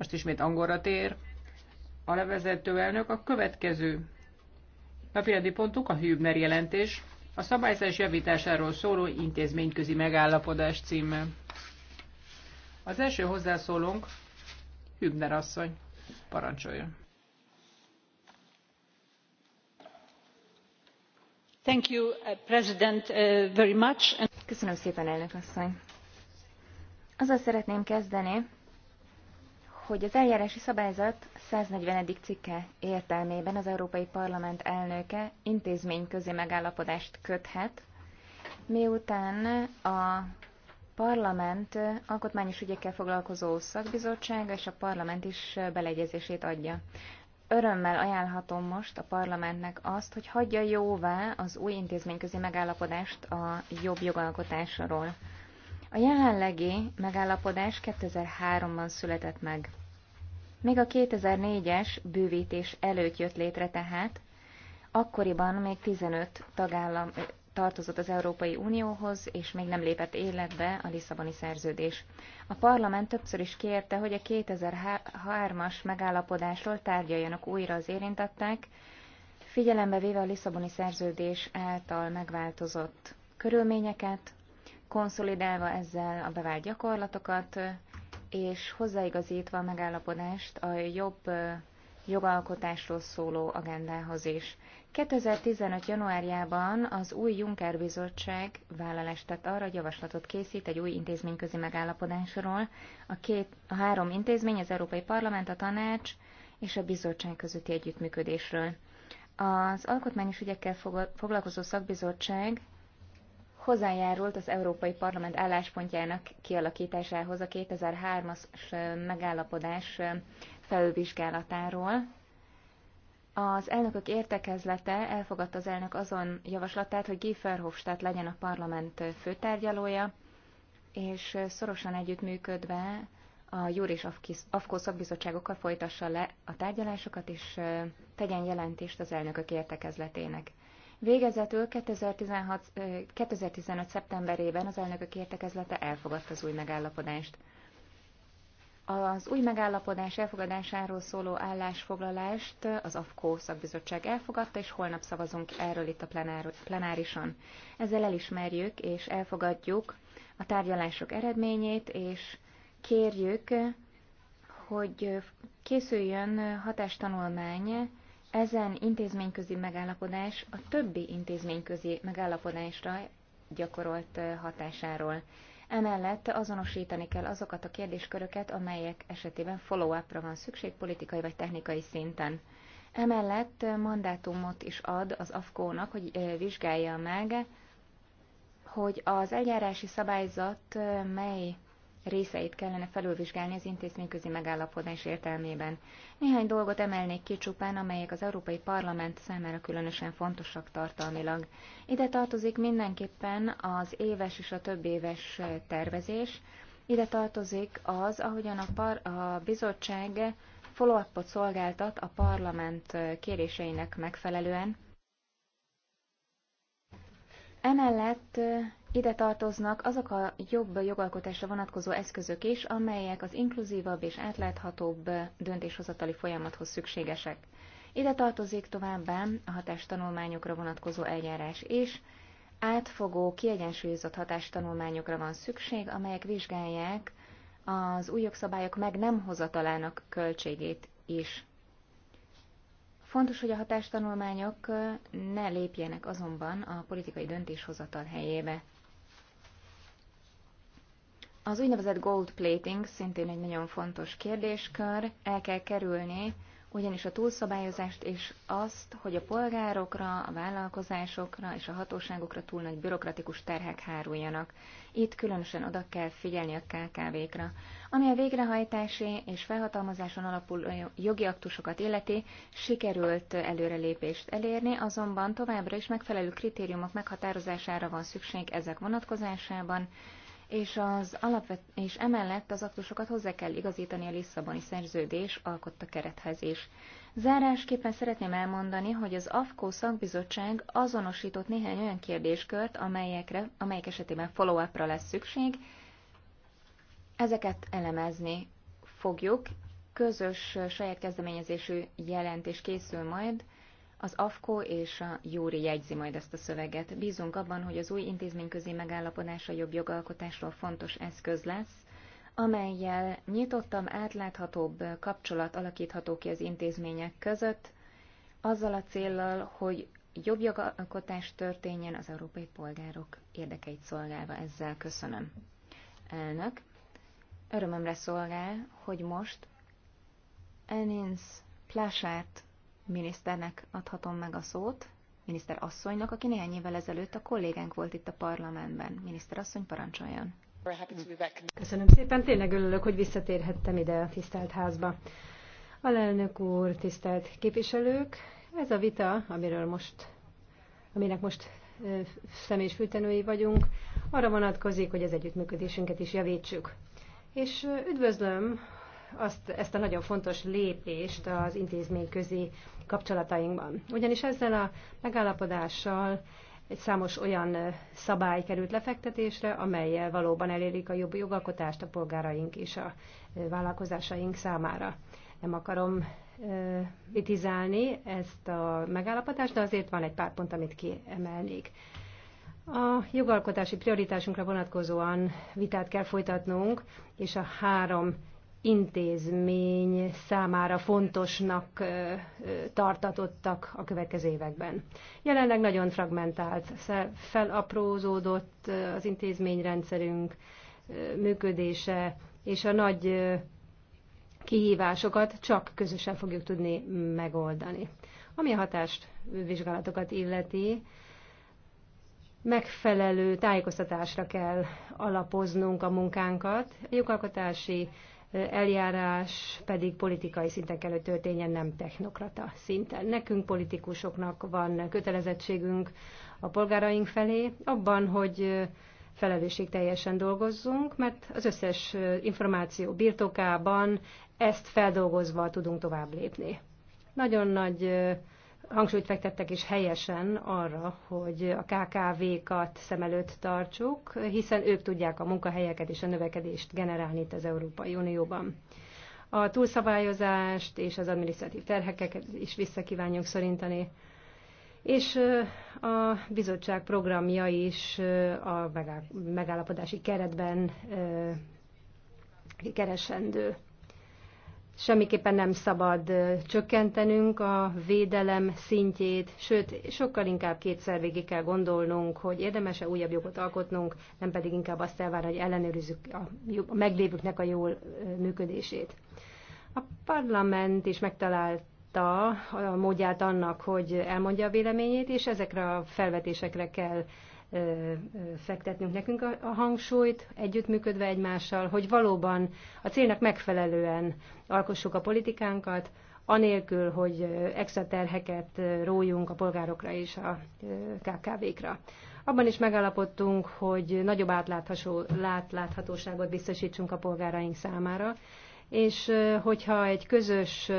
most ismét angolra tér. A levezető elnök a következő napirendi pontunk a Hübner jelentés, a szabályzás javításáról szóló intézményközi megállapodás címe. Az első hozzászólónk Hübner asszony. Parancsoljon. Thank you, uh, President, uh, very much. Köszönöm szépen, elnök asszony. Azzal szeretném kezdeni, hogy az eljárási szabályzat 140. cikke értelmében az Európai Parlament elnöke intézményközi megállapodást köthet, miután a parlament alkotmányos ügyekkel foglalkozó szakbizottsága és a parlament is beleegyezését adja. Örömmel ajánlhatom most a parlamentnek azt, hogy hagyja jóvá az új intézményközi megállapodást a jobb jogalkotásról. A jelenlegi megállapodás 2003-ban született meg. Még a 2004-es bővítés előtt jött létre tehát, akkoriban még 15 tagállam tartozott az Európai Unióhoz, és még nem lépett életbe a Lisszaboni szerződés. A parlament többször is kérte, hogy a 2003-as megállapodásról tárgyaljanak újra az érintettek, figyelembe véve a Lisszaboni szerződés által megváltozott körülményeket, konszolidálva ezzel a bevált gyakorlatokat, és hozzáigazítva a megállapodást a jobb jogalkotásról szóló agendához is. 2015. januárjában az új Juncker Bizottság vállalást tett arra, hogy javaslatot készít egy új intézményközi megállapodásról. A, két, a három intézmény, az Európai Parlament, a Tanács és a Bizottság közötti együttműködésről. Az Alkotmányos Ügyekkel Foglalkozó Szakbizottság hozzájárult az Európai Parlament álláspontjának kialakításához a 2003-as megállapodás felülvizsgálatáról. Az elnökök értekezlete elfogadta az elnök azon javaslatát, hogy Guy Verhofstadt legyen a parlament főtárgyalója, és szorosan együttműködve a Júr és Afkó szakbizottságokkal folytassa le a tárgyalásokat, és tegyen jelentést az elnökök értekezletének. Végezetül 2016, 2015. szeptemberében az elnökök értekezlete elfogadta az új megállapodást. Az új megállapodás elfogadásáról szóló állásfoglalást az AFKO szakbizottság elfogadta, és holnap szavazunk erről itt a plenárison. Ezzel elismerjük és elfogadjuk a tárgyalások eredményét, és kérjük, hogy készüljön hatástanulmány ezen intézményközi megállapodás a többi intézményközi megállapodásra gyakorolt hatásáról. Emellett azonosítani kell azokat a kérdésköröket, amelyek esetében follow-upra van szükség politikai vagy technikai szinten. Emellett mandátumot is ad az afko nak hogy vizsgálja meg, hogy az eljárási szabályzat mely részeit kellene felülvizsgálni az intézményközi megállapodás értelmében. Néhány dolgot emelnék ki csupán, amelyek az Európai Parlament számára különösen fontosak tartalmilag. Ide tartozik mindenképpen az éves és a több éves tervezés, ide tartozik az, ahogyan a, par- a bizottság follow szolgáltat a parlament kéréseinek megfelelően. Emellett ide tartoznak azok a jobb jogalkotásra vonatkozó eszközök is, amelyek az inkluzívabb és átláthatóbb döntéshozatali folyamathoz szükségesek. Ide tartozik továbbá a hatástanulmányokra vonatkozó eljárás is. Átfogó, kiegyensúlyozott hatástanulmányokra van szükség, amelyek vizsgálják az új jogszabályok meg nem hozatalának költségét is. Fontos, hogy a hatástanulmányok ne lépjenek azonban a politikai döntéshozatal helyébe. Az úgynevezett gold plating szintén egy nagyon fontos kérdéskör, el kell kerülni, ugyanis a túlszabályozást és azt, hogy a polgárokra, a vállalkozásokra és a hatóságokra túl nagy bürokratikus terhek háruljanak. Itt különösen oda kell figyelni a KKV-kra. Ami a végrehajtási és felhatalmazáson alapuló jogi aktusokat illeti, sikerült előrelépést elérni, azonban továbbra is megfelelő kritériumok meghatározására van szükség ezek vonatkozásában, és, az alapvet, és emellett az aktusokat hozzá kell igazítani a Lisszaboni szerződés alkotta kerethez is. Zárásképpen szeretném elmondani, hogy az AFKO szakbizottság azonosított néhány olyan kérdéskört, amelyekre, amelyek esetében follow-upra lesz szükség. Ezeket elemezni fogjuk. Közös saját kezdeményezésű jelentés készül majd, az AFKO és a Júri jegyzi majd ezt a szöveget. Bízunk abban, hogy az új intézményközi megállapodás a jobb jogalkotásról fontos eszköz lesz, amelyel nyitottam átláthatóbb kapcsolat alakítható ki az intézmények között, azzal a céllal, hogy jobb jogalkotás történjen az európai polgárok érdekeit szolgálva. Ezzel köszönöm. Elnök, örömömre szolgál, hogy most Enins Plását miniszternek adhatom meg a szót, miniszter asszonynak, aki néhány évvel ezelőtt a kollégánk volt itt a parlamentben. Miniszter asszony, parancsoljon! Köszönöm szépen, tényleg örülök, hogy visszatérhettem ide a tisztelt házba. Alelnök úr, tisztelt képviselők, ez a vita, amiről most, aminek most személyes fültenői vagyunk, arra vonatkozik, hogy az együttműködésünket is javítsuk. És üdvözlöm azt, ezt a nagyon fontos lépést az intézményközi kapcsolatainkban. Ugyanis ezzel a megállapodással egy számos olyan szabály került lefektetésre, amelyel valóban elérik a jobb jogalkotást a polgáraink és a vállalkozásaink számára. Nem akarom vitizálni ezt a megállapodást, de azért van egy pár pont, amit kiemelnék. A jogalkotási prioritásunkra vonatkozóan vitát kell folytatnunk, és a három intézmény számára fontosnak tartatottak a következő években. Jelenleg nagyon fragmentált, felaprózódott az intézményrendszerünk működése, és a nagy kihívásokat csak közösen fogjuk tudni megoldani. Ami a hatást vizsgálatokat illeti, megfelelő tájékoztatásra kell alapoznunk a munkánkat. A jogalkotási eljárás pedig politikai szinten kell, hogy történjen, nem technokrata szinten. Nekünk politikusoknak van kötelezettségünk a polgáraink felé abban, hogy felelősségteljesen dolgozzunk, mert az összes információ birtokában ezt feldolgozva tudunk tovább lépni. Nagyon nagy hangsúlyt fektettek is helyesen arra, hogy a KKV-kat szem előtt tartsuk, hiszen ők tudják a munkahelyeket és a növekedést generálni itt az Európai Unióban. A túlszabályozást és az adminisztratív terhekeket is visszakívánjuk szorintani, és a bizottság programja is a megállapodási keretben keresendő. Semmiképpen nem szabad csökkentenünk a védelem szintjét, sőt, sokkal inkább kétszer végig kell gondolnunk, hogy érdemese újabb jogot alkotnunk, nem pedig inkább azt elvárni, hogy ellenőrizzük a, a meglévőknek a jól működését. A parlament is megtalált a módját annak, hogy elmondja a véleményét, és ezekre a felvetésekre kell fektetnünk nekünk a hangsúlyt, együttműködve egymással, hogy valóban a célnak megfelelően alkossuk a politikánkat, anélkül, hogy extra terheket rójunk a polgárokra és a KKV-kra. Abban is megállapodtunk, hogy nagyobb átláthatóságot biztosítsunk a polgáraink számára, és hogyha egy közös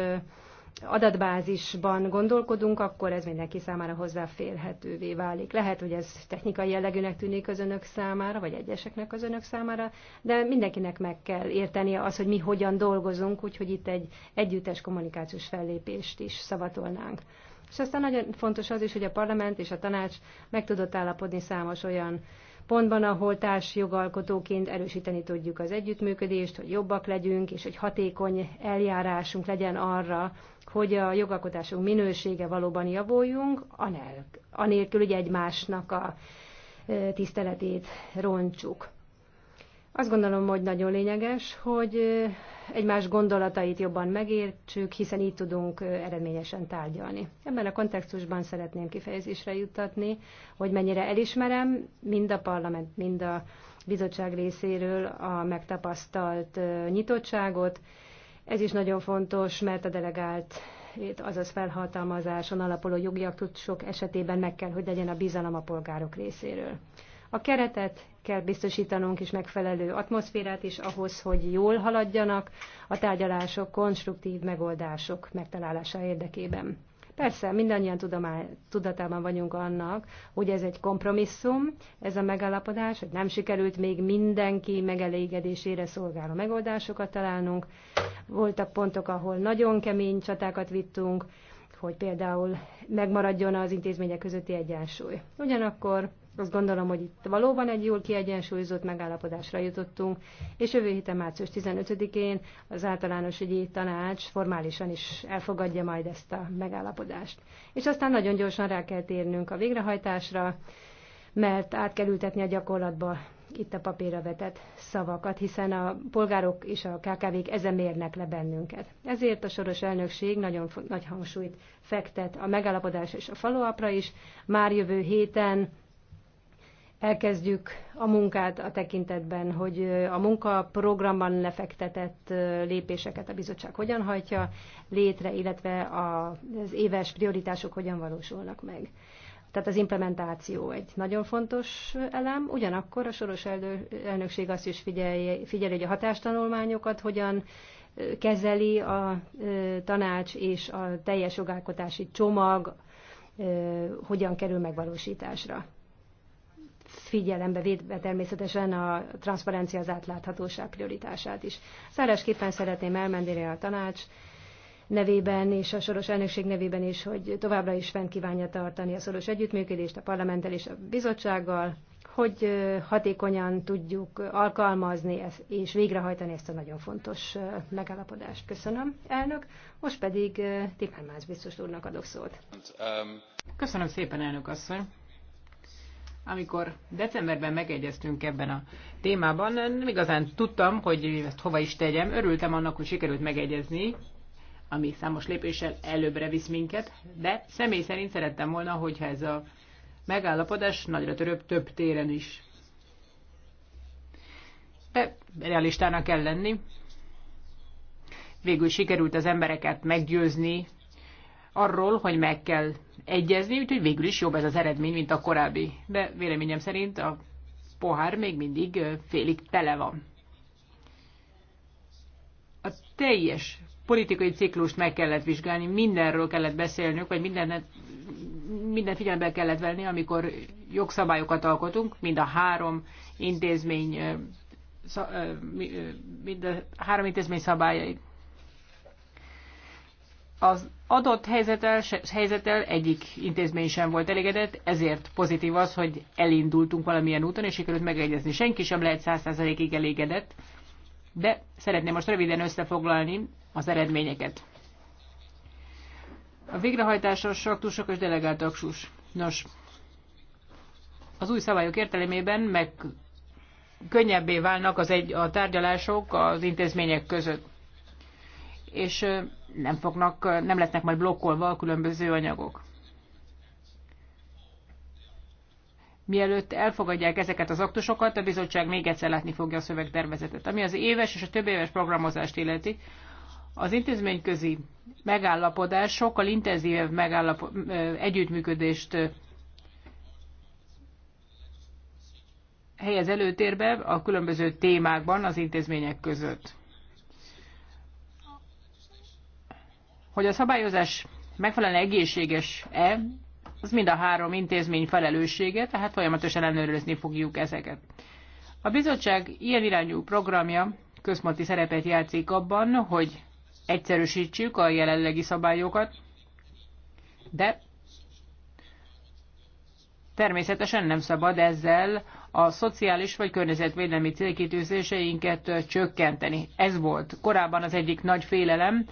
adatbázisban gondolkodunk, akkor ez mindenki számára hozzáférhetővé válik. Lehet, hogy ez technikai jellegűnek tűnik az önök számára, vagy egyeseknek az önök számára, de mindenkinek meg kell értenie az, hogy mi hogyan dolgozunk, úgyhogy itt egy együttes kommunikációs fellépést is szavatolnánk. És aztán nagyon fontos az is, hogy a parlament és a tanács meg tudott állapodni számos olyan pontban, ahol társjogalkotóként erősíteni tudjuk az együttműködést, hogy jobbak legyünk, és hogy hatékony eljárásunk legyen arra, hogy a jogalkotásunk minősége valóban javuljunk, anélkül, hogy egymásnak a tiszteletét roncsuk. Azt gondolom, hogy nagyon lényeges, hogy egymás gondolatait jobban megértsük, hiszen így tudunk eredményesen tárgyalni. Ebben a kontextusban szeretném kifejezésre juttatni, hogy mennyire elismerem mind a parlament, mind a bizottság részéről a megtapasztalt nyitottságot. Ez is nagyon fontos, mert a delegált azaz felhatalmazáson alapuló tud sok esetében meg kell, hogy legyen a bizalom a polgárok részéről. A keretet kell biztosítanunk is megfelelő atmoszférát is ahhoz, hogy jól haladjanak a tárgyalások konstruktív megoldások megtalálása érdekében. Persze, mindannyian tudatában vagyunk annak, hogy ez egy kompromisszum, ez a megállapodás, hogy nem sikerült még mindenki megelégedésére szolgáló megoldásokat találnunk. Voltak pontok, ahol nagyon kemény csatákat vittünk, hogy például megmaradjon az intézmények közötti egyensúly. Ugyanakkor azt gondolom, hogy itt valóban egy jól kiegyensúlyozott megállapodásra jutottunk, és jövő héten március 15-én az általános ügyi tanács formálisan is elfogadja majd ezt a megállapodást. És aztán nagyon gyorsan rá kell térnünk a végrehajtásra, mert át kell ültetni a gyakorlatba itt a papírra vetett szavakat, hiszen a polgárok és a KKV-k ezen mérnek le bennünket. Ezért a soros elnökség nagyon nagy hangsúlyt fektet a megállapodás és a faluapra is. Már jövő héten elkezdjük a munkát a tekintetben, hogy a munkaprogramban lefektetett lépéseket a bizottság hogyan hajtja létre, illetve az éves prioritások hogyan valósulnak meg. Tehát az implementáció egy nagyon fontos elem, ugyanakkor a soros elnökség azt is figyelje, figyeli, hogy a hatástanulmányokat hogyan kezeli a tanács és a teljes jogálkotási csomag hogyan kerül megvalósításra figyelembe védve természetesen a transzparencia az átláthatóság prioritását is. Szárásképpen szeretném elmenni a tanács nevében és a soros elnökség nevében is, hogy továbbra is fent kívánja tartani a szoros együttműködést a parlamenttel és a bizottsággal, hogy hatékonyan tudjuk alkalmazni és végrehajtani ezt a nagyon fontos megállapodást. Köszönöm, elnök. Most pedig Timmermans biztos úrnak adok szót. Köszönöm szépen, elnök asszony amikor decemberben megegyeztünk ebben a témában, nem igazán tudtam, hogy ezt hova is tegyem. Örültem annak, hogy sikerült megegyezni, ami számos lépéssel előbbre visz minket, de személy szerint szerettem volna, hogyha ez a megállapodás nagyra töröbb több téren is. De realistának kell lenni. Végül sikerült az embereket meggyőzni arról, hogy meg kell egyezni, úgyhogy végül is jobb ez az eredmény, mint a korábbi. De véleményem szerint a pohár még mindig félig tele van. A teljes politikai ciklust meg kellett vizsgálni, mindenről kellett beszélnünk, vagy minden minden figyelembe kellett venni, amikor jogszabályokat alkotunk, mind a három intézmény mind a három intézmény szabályai az adott helyzettel, helyzettel egyik intézmény sem volt elégedett, ezért pozitív az, hogy elindultunk valamilyen úton, és sikerült megegyezni. Senki sem lehet 100%-ig elégedett, de szeretném most röviden összefoglalni az eredményeket. A végrehajtásos aktusok és delegált aksus. Nos, az új szabályok értelemében meg könnyebbé válnak az egy, a tárgyalások az intézmények között. És nem, fognak, nem lesznek majd blokkolva a különböző anyagok. Mielőtt elfogadják ezeket az aktusokat, a bizottság még egyszer látni fogja a szövegtervezetet, ami az éves és a több éves programozást illeti. Az intézményközi megállapodás sokkal intenzívebb megállap, együttműködést helyez előtérbe a különböző témákban az intézmények között. Hogy a szabályozás megfelelően egészséges-e, az mind a három intézmény felelőssége, tehát folyamatosan ellenőrizni fogjuk ezeket. A bizottság ilyen irányú programja központi szerepet játszik abban, hogy egyszerűsítsük a jelenlegi szabályokat, de természetesen nem szabad ezzel a szociális vagy környezetvédelmi célkitűzéseinket csökkenteni. Ez volt korábban az egyik nagy félelem,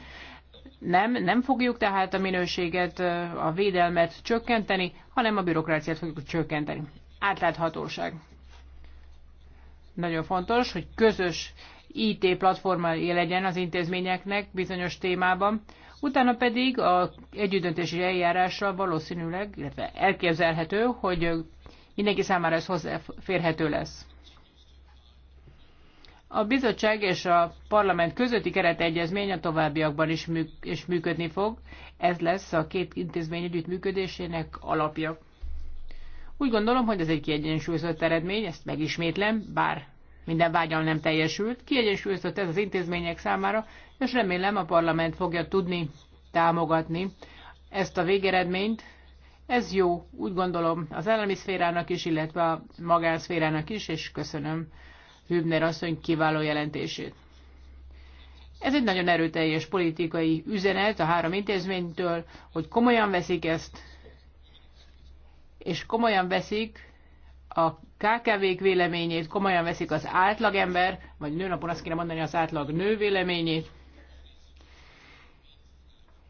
nem, nem fogjuk tehát a minőséget, a védelmet csökkenteni, hanem a bürokráciát fogjuk csökkenteni. Átláthatóság. Nagyon fontos, hogy közös IT platforma legyen az intézményeknek bizonyos témában, utána pedig a együttdöntési eljárásra valószínűleg, illetve elképzelhető, hogy mindenki számára ez hozzáférhető lesz. A bizottság és a parlament közötti keretegyezmény a továbbiakban is, mű, és működni fog. Ez lesz a két intézmény együttműködésének alapja. Úgy gondolom, hogy ez egy kiegyensúlyozott eredmény, ezt megismétlem, bár minden vágyal nem teljesült. Kiegyensúlyozott ez az intézmények számára, és remélem a parlament fogja tudni támogatni ezt a végeredményt. Ez jó, úgy gondolom, az állami szférának is, illetve a magánszférának is, és köszönöm Hübner asszony kiváló jelentését. Ez egy nagyon erőteljes politikai üzenet a három intézménytől, hogy komolyan veszik ezt, és komolyan veszik a KKV-k véleményét, komolyan veszik az átlagember, vagy nőnapon azt kéne mondani az átlag nő véleményét.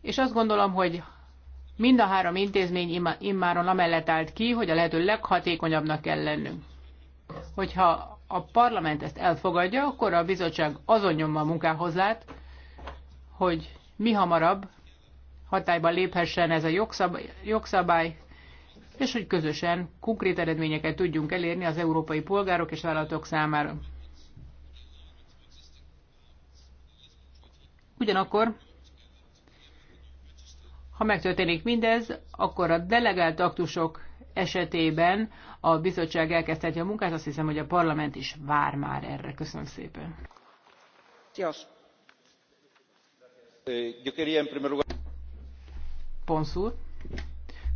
És azt gondolom, hogy mind a három intézmény immáron amellett állt ki, hogy a lehető leghatékonyabbnak kell lennünk. Hogyha a parlament ezt elfogadja, akkor a bizottság azon nyomva a munkához lát, hogy mi hamarabb hatályba léphessen ez a jogszabály, jogszabály, és hogy közösen konkrét eredményeket tudjunk elérni az európai polgárok és vállalatok számára. Ugyanakkor, ha megtörténik mindez, akkor a delegált aktusok esetében a bizottság elkezdheti a munkát, azt hiszem, hogy a parlament is vár már erre. Köszönöm szépen. Eh, Ponszúr.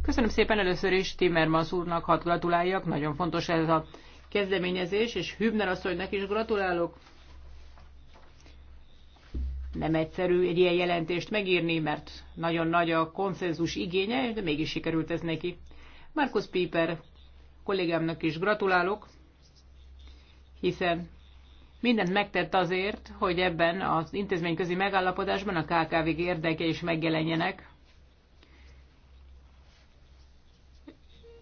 Köszönöm szépen először is Timmermans úrnak, hadd gratuláljak, nagyon fontos ez a kezdeményezés, és Hübner asszonynak is gratulálok. Nem egyszerű egy ilyen jelentést megírni, mert nagyon nagy a konszenzus igénye, de mégis sikerült ez neki. Markus Piper kollégámnak is gratulálok, hiszen mindent megtett azért, hogy ebben az intézményközi megállapodásban a kkv érdeke is megjelenjenek.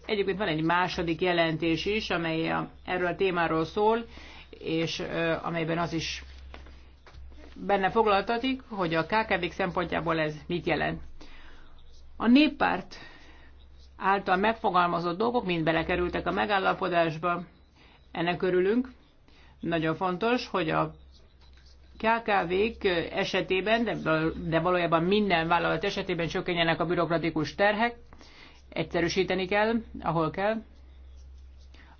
Egyébként van egy második jelentés is, amely a, erről a témáról szól, és ö, amelyben az is benne foglaltatik, hogy a KKV-k szempontjából ez mit jelent. A néppárt által megfogalmazott dolgok mind belekerültek a megállapodásba. Ennek örülünk. Nagyon fontos, hogy a KKV-k esetében, de, de valójában minden vállalat esetében csökkenjenek a bürokratikus terhek, egyszerűsíteni kell, ahol kell.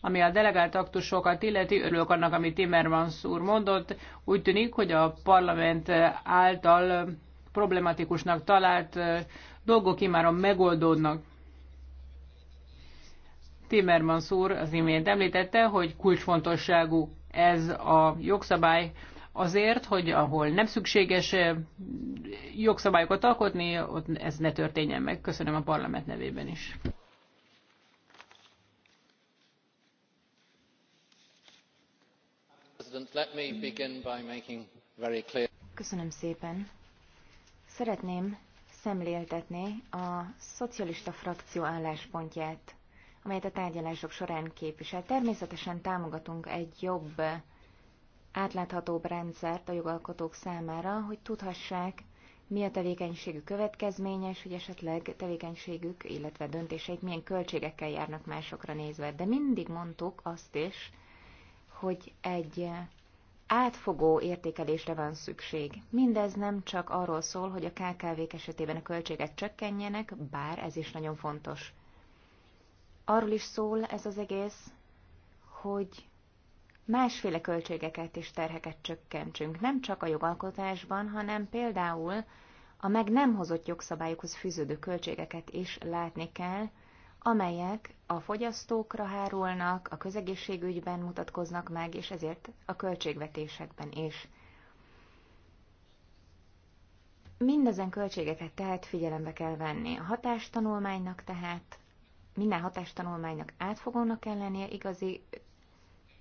Ami a delegált aktusokat illeti, örülök annak, amit Timmermans úr mondott. Úgy tűnik, hogy a parlament által problematikusnak talált eh, dolgok imáron megoldódnak. Timmermans úr az imént említette, hogy kulcsfontosságú ez a jogszabály azért, hogy ahol nem szükséges eh, jogszabályokat alkotni, ott ez ne történjen meg. Köszönöm a parlament nevében is. Köszönöm szépen. Szeretném szemléltetni a szocialista frakció álláspontját amelyet a tárgyalások során képvisel. Természetesen támogatunk egy jobb, átláthatóbb rendszert a jogalkotók számára, hogy tudhassák, mi a tevékenységük következményes, hogy esetleg tevékenységük, illetve döntéseik milyen költségekkel járnak másokra nézve. De mindig mondtuk azt is, hogy egy átfogó értékelésre van szükség. Mindez nem csak arról szól, hogy a KKV-k esetében a költségek csökkenjenek, bár ez is nagyon fontos arról is szól ez az egész, hogy másféle költségeket és terheket csökkentsünk, nem csak a jogalkotásban, hanem például a meg nem hozott jogszabályokhoz fűződő költségeket is látni kell, amelyek a fogyasztókra hárulnak, a közegészségügyben mutatkoznak meg, és ezért a költségvetésekben is. Mindezen költségeket tehát figyelembe kell venni. A hatástanulmánynak tehát minden hatástanulmánynak átfogónak kell lennie, igazi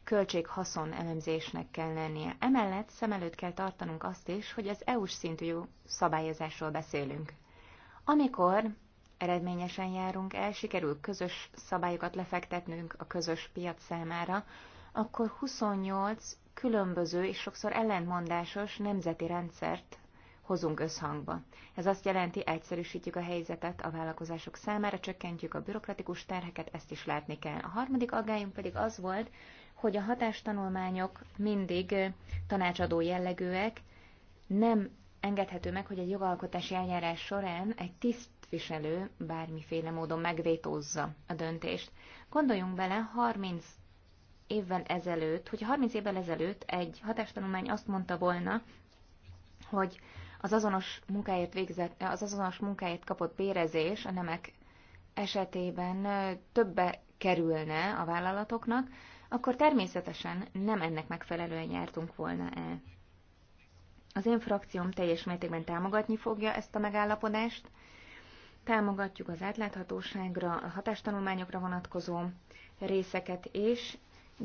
költség-haszon elemzésnek kell lennie. Emellett szem előtt kell tartanunk azt is, hogy az EU-s szintű szabályozásról beszélünk. Amikor eredményesen járunk el, sikerül közös szabályokat lefektetnünk a közös piac számára, akkor 28 különböző és sokszor ellentmondásos nemzeti rendszert hozunk összhangba. Ez azt jelenti, egyszerűsítjük a helyzetet a vállalkozások számára, csökkentjük a bürokratikus terheket, ezt is látni kell. A harmadik aggályunk pedig az volt, hogy a hatástanulmányok mindig tanácsadó jellegűek, nem engedhető meg, hogy egy jogalkotási eljárás során egy tisztviselő bármiféle módon megvétózza a döntést. Gondoljunk bele, 30 évvel ezelőtt, hogy 30 évvel ezelőtt egy hatástanulmány azt mondta volna, hogy az azonos munkáért, végzett, az azonos munkáért kapott bérezés a nemek esetében többe kerülne a vállalatoknak, akkor természetesen nem ennek megfelelően jártunk volna el. Az én frakcióm teljes mértékben támogatni fogja ezt a megállapodást. Támogatjuk az átláthatóságra, a hatástanulmányokra vonatkozó részeket, és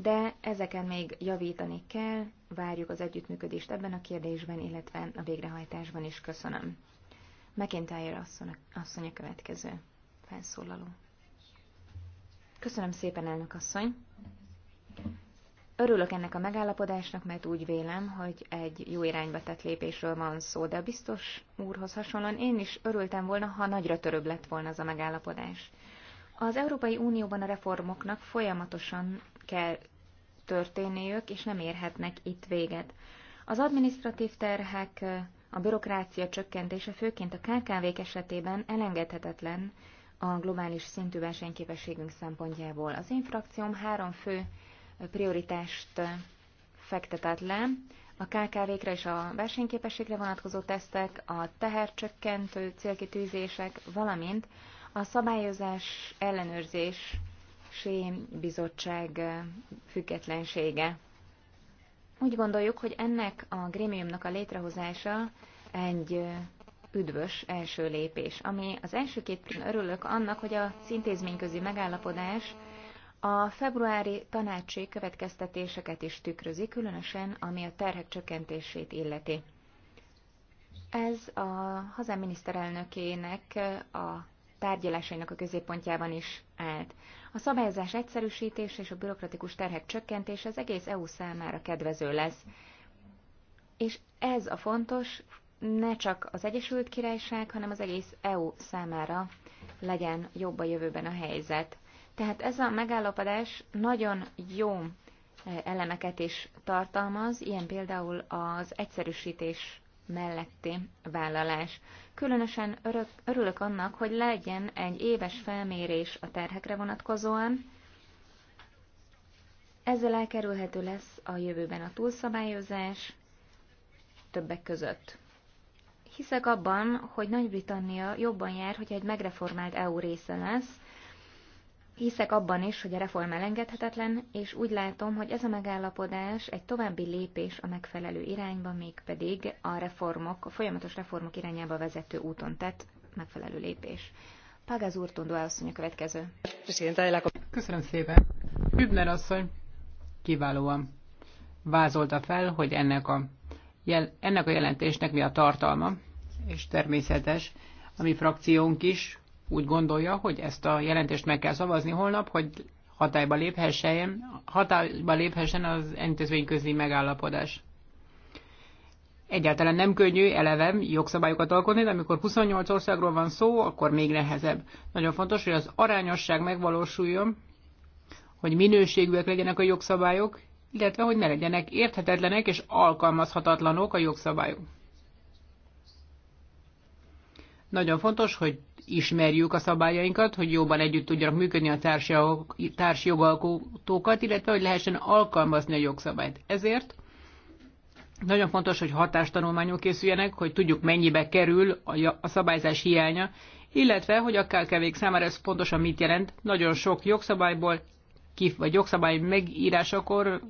de ezeken még javítani kell, várjuk az együttműködést ebben a kérdésben, illetve a végrehajtásban is köszönöm. McIntyre asszony, asszony a következő felszólaló. Köszönöm szépen, elnök asszony! Örülök ennek a megállapodásnak, mert úgy vélem, hogy egy jó irányba tett lépésről van szó, de biztos úrhoz hasonlóan én is örültem volna, ha nagyra törőbb lett volna az a megállapodás. Az Európai Unióban a reformoknak folyamatosan kell történniük, és nem érhetnek itt véget. Az administratív terhek, a bürokrácia csökkentése főként a KKV-k esetében elengedhetetlen a globális szintű versenyképességünk szempontjából. Az én frakcióm három fő prioritást fektetett le, a KKV-kre és a versenyképességre vonatkozó tesztek, a tehercsökkentő célkitűzések, valamint a szabályozás ellenőrzés Sí bizottság függetlensége. Úgy gondoljuk, hogy ennek a grémiumnak a létrehozása egy üdvös első lépés, ami az első két örülök annak, hogy a szintézményközi megállapodás a februári tanácsi következtetéseket is tükrözi, különösen ami a terhek csökkentését illeti. Ez a hazám miniszterelnökének a tárgyalásainak a középpontjában is állt. A szabályozás egyszerűsítése és a bürokratikus terhek csökkentése az egész EU számára kedvező lesz. És ez a fontos, ne csak az Egyesült Királyság, hanem az egész EU számára legyen jobb a jövőben a helyzet. Tehát ez a megállapodás nagyon jó eh, elemeket is tartalmaz, ilyen például az egyszerűsítés melletti vállalás. Különösen örök, örülök annak, hogy legyen egy éves felmérés a terhekre vonatkozóan. Ezzel elkerülhető lesz a jövőben a túlszabályozás többek között. Hiszek abban, hogy Nagy-Britannia jobban jár, hogyha egy megreformált EU része lesz, Hiszek abban is, hogy a reform elengedhetetlen, és úgy látom, hogy ez a megállapodás egy további lépés a megfelelő irányba, mégpedig a reformok, a folyamatos reformok irányába vezető úton tett megfelelő lépés. Págáz úr, Tundó asszony a következő. Köszönöm szépen. Hübner asszony kiválóan vázolta fel, hogy ennek a, jel, ennek a jelentésnek mi a tartalma, és természetes, a mi frakciónk is úgy gondolja, hogy ezt a jelentést meg kell szavazni holnap, hogy hatályba léphessen, hatályba léphessen az intézményközi megállapodás. Egyáltalán nem könnyű eleve jogszabályokat alkotni, de amikor 28 országról van szó, akkor még nehezebb. Nagyon fontos, hogy az arányosság megvalósuljon, hogy minőségűek legyenek a jogszabályok, illetve hogy ne legyenek érthetetlenek és alkalmazhatatlanok a jogszabályok. Nagyon fontos, hogy ismerjük a szabályainkat, hogy jobban együtt tudjanak működni a társjogalkotókat, illetve hogy lehessen alkalmazni a jogszabályt. Ezért nagyon fontos, hogy hatástanulmányok készüljenek, hogy tudjuk mennyibe kerül a szabályzás hiánya, illetve hogy a kkv számára ez pontosan mit jelent. Nagyon sok jogszabályból, kif vagy jogszabály megírásakor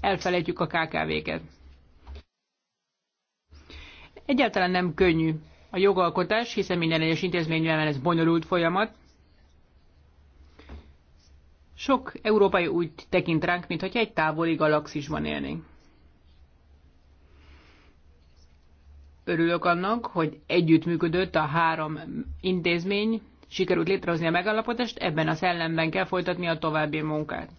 elfelejtjük a KKV-ket. Egyáltalán nem könnyű a jogalkotás, hiszen minden egyes intézményben ez bonyolult folyamat. Sok európai úgy tekint ránk, mintha egy távoli galaxisban élnénk. Örülök annak, hogy együttműködött a három intézmény, sikerült létrehozni a megállapodást, ebben a szellemben kell folytatni a további munkát.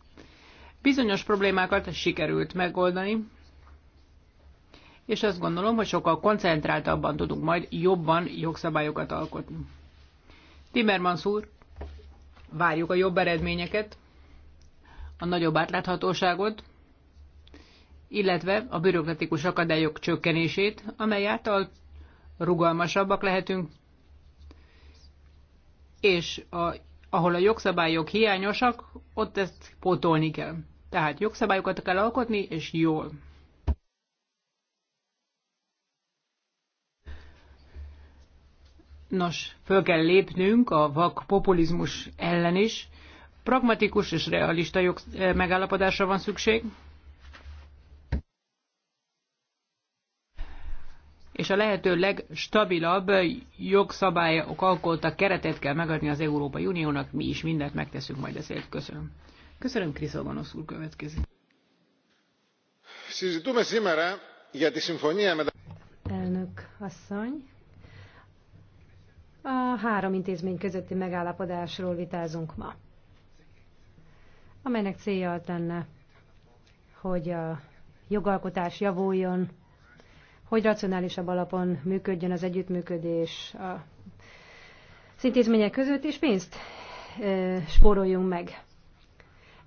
Bizonyos problémákat sikerült megoldani, és azt gondolom, hogy sokkal koncentráltabban tudunk majd jobban jogszabályokat alkotni. Timmermans úr, várjuk a jobb eredményeket, a nagyobb átláthatóságot, illetve a bürokratikus akadályok csökkenését, amely által rugalmasabbak lehetünk, és a, ahol a jogszabályok hiányosak, ott ezt pótolni kell. Tehát jogszabályokat kell alkotni, és jól. Nos, föl kell lépnünk a vak populizmus ellen is. Pragmatikus és realista jog eh, megállapodásra van szükség. És a lehető legstabilabb jogszabályok alkoltak keretet kell megadni az Európai Uniónak. Mi is mindent megteszünk majd ezért. Köszönöm. Köszönöm, Kriszogonosz úr következik. Elnök asszony, a három intézmény közötti megállapodásról vitázunk ma, amelynek célja lenne, hogy a jogalkotás javuljon, hogy racionálisabb alapon működjön az együttműködés a intézmények között, és pénzt e, spóroljunk meg.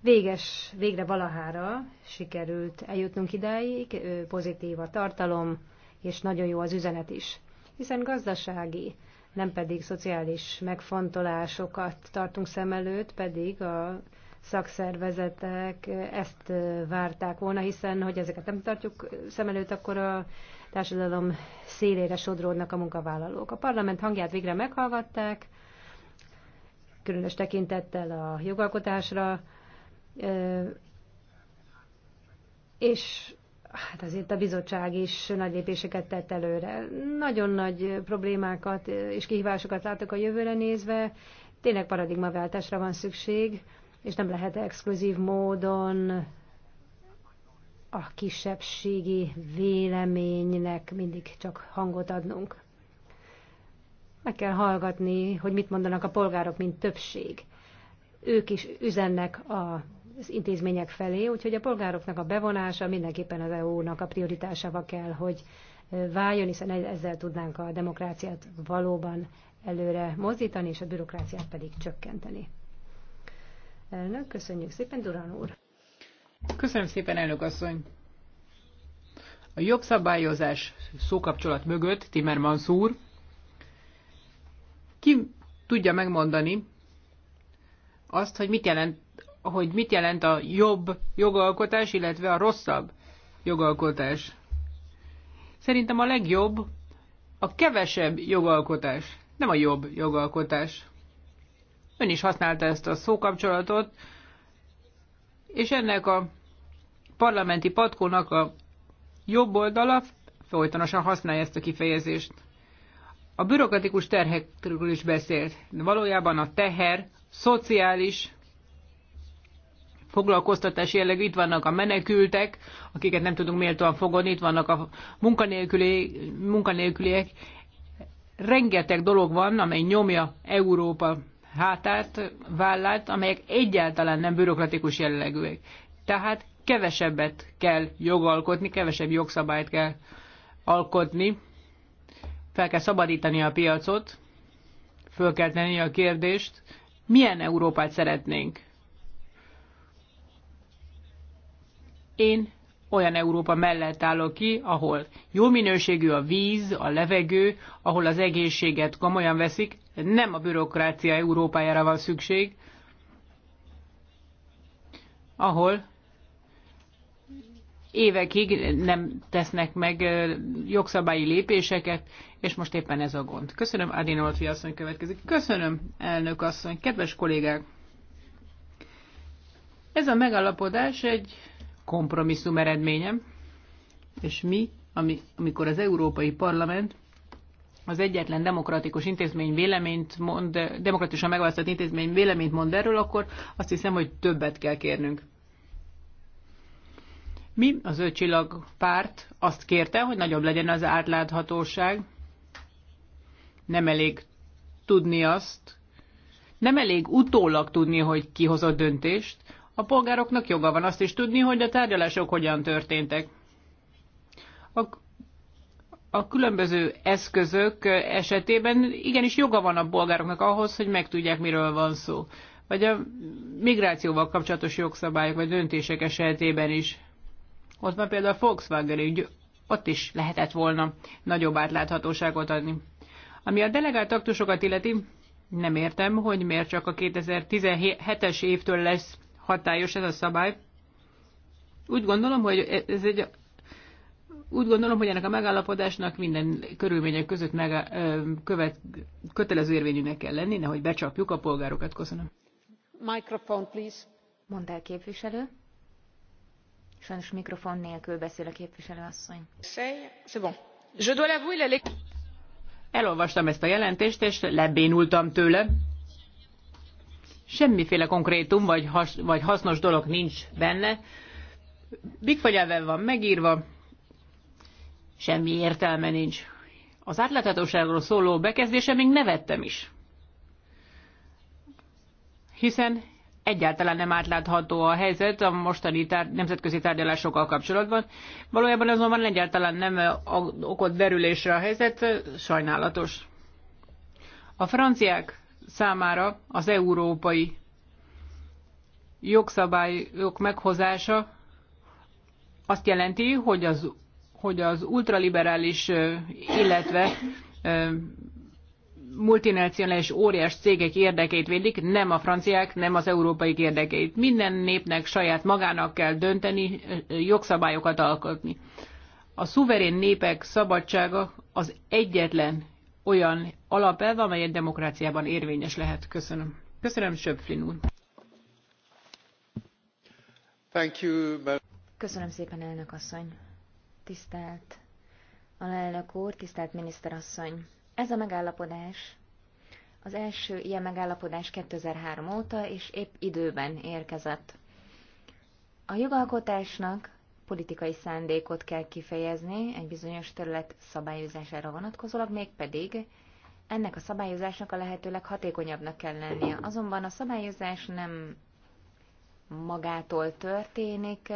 Véges, végre valahára sikerült eljutnunk idáig, pozitív a tartalom, és nagyon jó az üzenet is, hiszen gazdasági nem pedig szociális megfontolásokat tartunk szem előtt, pedig a szakszervezetek ezt várták volna, hiszen hogy ezeket nem tartjuk szem előtt, akkor a társadalom szélére sodródnak a munkavállalók. A parlament hangját végre meghallgatták, különös tekintettel a jogalkotásra, és hát azért a bizottság is nagy lépéseket tett előre. Nagyon nagy problémákat és kihívásokat látok a jövőre nézve. Tényleg paradigmaváltásra van szükség, és nem lehet exkluzív módon a kisebbségi véleménynek mindig csak hangot adnunk. Meg kell hallgatni, hogy mit mondanak a polgárok, mint többség. Ők is üzennek a az intézmények felé, úgyhogy a polgároknak a bevonása mindenképpen az EU-nak a prioritásával kell, hogy váljon, hiszen ezzel tudnánk a demokráciát valóban előre mozdítani, és a bürokráciát pedig csökkenteni. Elnök, köszönjük szépen, Durán úr! Köszönöm szépen, elnök asszony! A jobb szabályozás szókapcsolat mögött Timmermans úr ki tudja megmondani azt, hogy mit jelent hogy mit jelent a jobb jogalkotás, illetve a rosszabb jogalkotás. Szerintem a legjobb a kevesebb jogalkotás, nem a jobb jogalkotás. Ön is használta ezt a szókapcsolatot, és ennek a parlamenti patkónak a jobb oldala folytonosan használja ezt a kifejezést. A bürokratikus terhekről is beszélt, de valójában a teher szociális foglalkoztatás jellegű, itt vannak a menekültek, akiket nem tudunk méltóan fogadni, itt vannak a munkanélküli, munkanélküliek. Rengeteg dolog van, amely nyomja Európa hátát, vállát, amelyek egyáltalán nem bürokratikus jellegűek. Tehát kevesebbet kell jogalkotni, kevesebb jogszabályt kell alkotni, fel kell szabadítani a piacot, föl kell tenni a kérdést, milyen Európát szeretnénk. Én olyan Európa mellett állok ki, ahol jó minőségű a víz, a levegő, ahol az egészséget komolyan veszik, nem a bürokrácia Európájára van szükség, ahol évekig nem tesznek meg jogszabályi lépéseket, és most éppen ez a gond. Köszönöm, Adina Olfi asszony következik. Köszönöm, elnök asszony, kedves kollégák! Ez a megalapodás egy kompromisszum eredménye, és mi, ami, amikor az Európai Parlament az egyetlen demokratikus intézmény véleményt mond, demokratikusan megválasztott intézmény véleményt mond erről, akkor azt hiszem, hogy többet kell kérnünk. Mi, az öt csillag párt azt kérte, hogy nagyobb legyen az átláthatóság. Nem elég tudni azt, nem elég utólag tudni, hogy ki hozott döntést, a polgároknak joga van azt is tudni, hogy a tárgyalások hogyan történtek. A, a különböző eszközök esetében igenis joga van a polgároknak ahhoz, hogy megtudják, miről van szó. Vagy a migrációval kapcsolatos jogszabályok vagy döntések esetében is. Ott van például a Volkswagen ügy, ott is lehetett volna nagyobb átláthatóságot adni. Ami a delegált aktusokat illeti, nem értem, hogy miért csak a 2017-es évtől lesz hatályos ez a szabály. Úgy gondolom, hogy ez egy úgy gondolom, hogy ennek a megállapodásnak minden körülmények között meg, követ, kötelező érvényűnek kell lenni, nehogy becsapjuk a polgárokat. Köszönöm. Microphone, please. Mondd el, képviselő. Sajnos mikrofon nélkül beszél a képviselő C'est bon. Je dois l'avouer, Elolvastam ezt a jelentést, és lebénultam tőle semmiféle konkrétum vagy, has, vagy hasznos dolog nincs benne. Bigfagyelven van megírva, semmi értelme nincs. Az átláthatóságról szóló bekezdése még nevettem is. Hiszen egyáltalán nem átlátható a helyzet a mostani tár- nemzetközi tárgyalásokkal kapcsolatban. Valójában azonban egyáltalán nem okot derülésre a helyzet, sajnálatos. A franciák számára az európai jogszabályok meghozása azt jelenti, hogy az, hogy az ultraliberális, illetve multinacionális óriás cégek érdekeit védik, nem a franciák, nem az európai érdekeit. Minden népnek saját magának kell dönteni, jogszabályokat alkotni. A szuverén népek szabadsága az egyetlen olyan alapelv, amely egy demokráciában érvényes lehet. Köszönöm. Köszönöm, Söpflin úr. Thank you, Köszönöm szépen, elnök asszony. Tisztelt alelnök úr, tisztelt miniszterasszony. Ez a megállapodás az első ilyen megállapodás 2003 óta, és épp időben érkezett. A jogalkotásnak politikai szándékot kell kifejezni egy bizonyos terület szabályozására vonatkozólag, mégpedig ennek a szabályozásnak a lehető leghatékonyabbnak kell lennie. Azonban a szabályozás nem magától történik,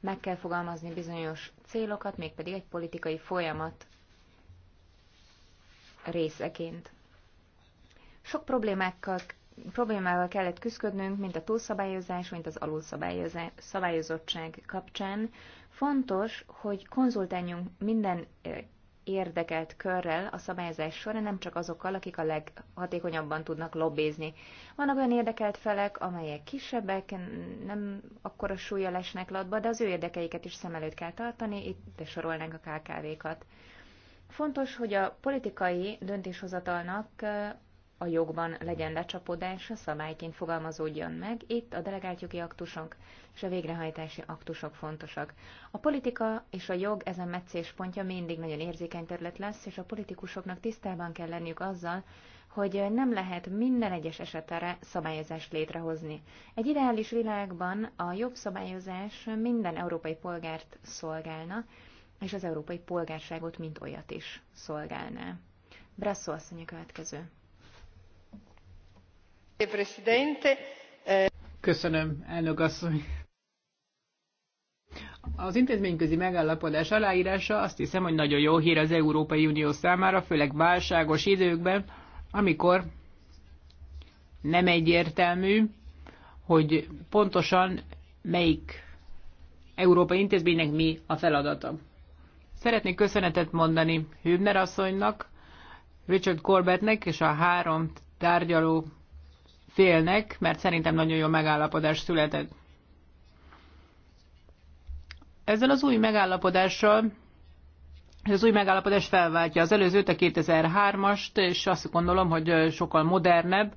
meg kell fogalmazni bizonyos célokat, mégpedig egy politikai folyamat részeként. Sok problémákkal problémával kellett küzdködnünk, mint a túlszabályozás, mint az alulszabályozottság kapcsán. Fontos, hogy konzultáljunk minden érdekelt körrel a szabályozás során, nem csak azokkal, akik a leghatékonyabban tudnak lobbézni. Vannak olyan érdekelt felek, amelyek kisebbek, nem akkora súlya lesnek latba, de az ő érdekeiket is szem előtt kell tartani, itt sorolnánk a KKV-kat. Fontos, hogy a politikai döntéshozatalnak a jogban legyen lecsapódása, szabályként fogalmazódjon meg, itt a delegált jogi aktusok és a végrehajtási aktusok fontosak. A politika és a jog ezen pontja mindig nagyon érzékeny terület lesz, és a politikusoknak tisztában kell lenniük azzal, hogy nem lehet minden egyes esetre szabályozást létrehozni. Egy ideális világban a jobb szabályozás minden európai polgárt szolgálna, és az európai polgárságot mint olyat is szolgálná. Brasszó asszony a következő. Eh, Köszönöm, elnök asszony. Az intézményközi megállapodás aláírása azt hiszem, hogy nagyon jó hír az Európai Unió számára, főleg válságos időkben, amikor nem egyértelmű, hogy pontosan melyik Európai Intézménynek mi a feladata. Szeretnék köszönetet mondani Hübner asszonynak, Richard Corbettnek és a három tárgyaló félnek, mert szerintem nagyon jó megállapodás született. Ezzel az új megállapodással az új megállapodás felváltja az előzőt, a 2003-ast, és azt gondolom, hogy sokkal modernebb,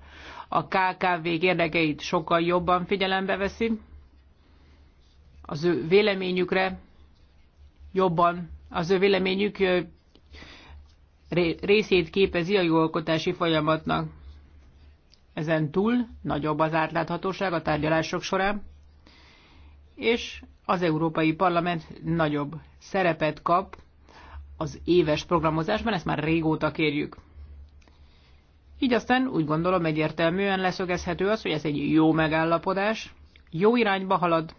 a kkv érdekeit sokkal jobban figyelembe veszi, az ő véleményükre jobban, az ő véleményük részét képezi a jogalkotási folyamatnak. Ezen túl nagyobb az átláthatóság a tárgyalások során, és az Európai Parlament nagyobb szerepet kap az éves programozásban, ezt már régóta kérjük. Így aztán úgy gondolom egyértelműen leszögezhető az, hogy ez egy jó megállapodás, jó irányba halad.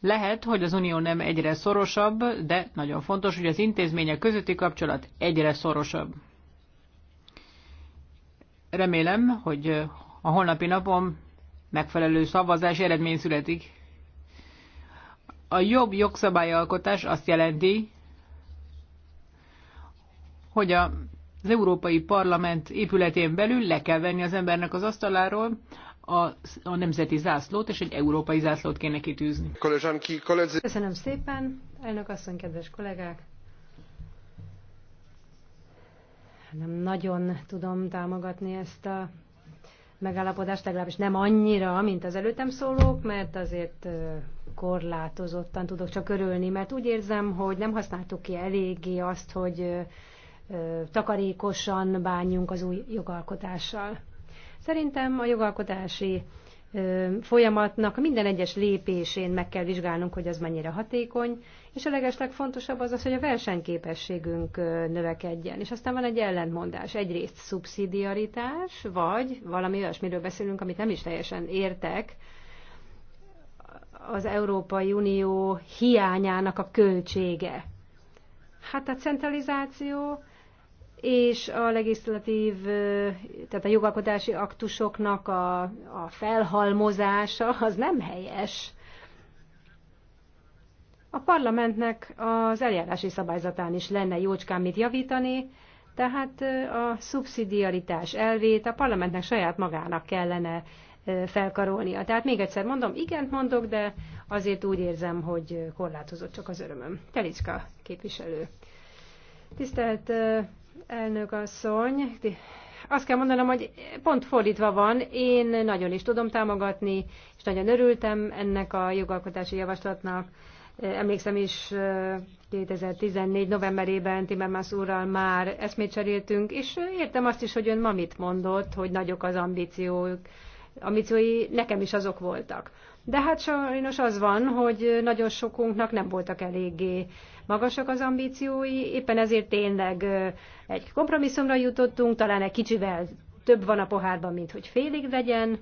Lehet, hogy az unió nem egyre szorosabb, de nagyon fontos, hogy az intézmények közötti kapcsolat egyre szorosabb. Remélem, hogy a holnapi napon megfelelő szavazás eredmény születik. A jobb jogszabályalkotás azt jelenti, hogy a az Európai Parlament épületén belül le kell venni az embernek az asztaláról a, a nemzeti zászlót, és egy európai zászlót kéne kitűzni. Köszönöm szépen, elnök asszony, kedves kollégák! nem nagyon tudom támogatni ezt a megállapodást, legalábbis nem annyira, mint az előttem szólók, mert azért korlátozottan tudok csak örülni, mert úgy érzem, hogy nem használtuk ki eléggé azt, hogy takarékosan bánjunk az új jogalkotással. Szerintem a jogalkotási folyamatnak minden egyes lépésén meg kell vizsgálnunk, hogy az mennyire hatékony, és a fontosabb az az, hogy a versenyképességünk növekedjen. És aztán van egy ellentmondás. Egyrészt szubszidiaritás, vagy valami olyasmiről beszélünk, amit nem is teljesen értek, az Európai Unió hiányának a költsége. Hát a centralizáció és a legislatív, tehát a jogalkotási aktusoknak a, a felhalmozása az nem helyes. A parlamentnek az eljárási szabályzatán is lenne jócskán mit javítani, tehát a szubszidiaritás elvét a parlamentnek saját magának kellene felkarolnia. Tehát még egyszer mondom, igent mondok, de azért úgy érzem, hogy korlátozott csak az örömöm. Telicska képviselő. Tisztelt Elnök asszony, azt kell mondanom, hogy pont fordítva van, én nagyon is tudom támogatni, és nagyon örültem ennek a jogalkotási javaslatnak. Emlékszem is 2014. novemberében Timmermans úrral már eszmét cseréltünk, és értem azt is, hogy ön ma mit mondott, hogy nagyok az ambíciók, ambíciói nekem is azok voltak. De hát sajnos az van, hogy nagyon sokunknak nem voltak eléggé magasak az ambíciói, éppen ezért tényleg egy kompromisszumra jutottunk, talán egy kicsivel több van a pohárban, mint hogy félig legyen.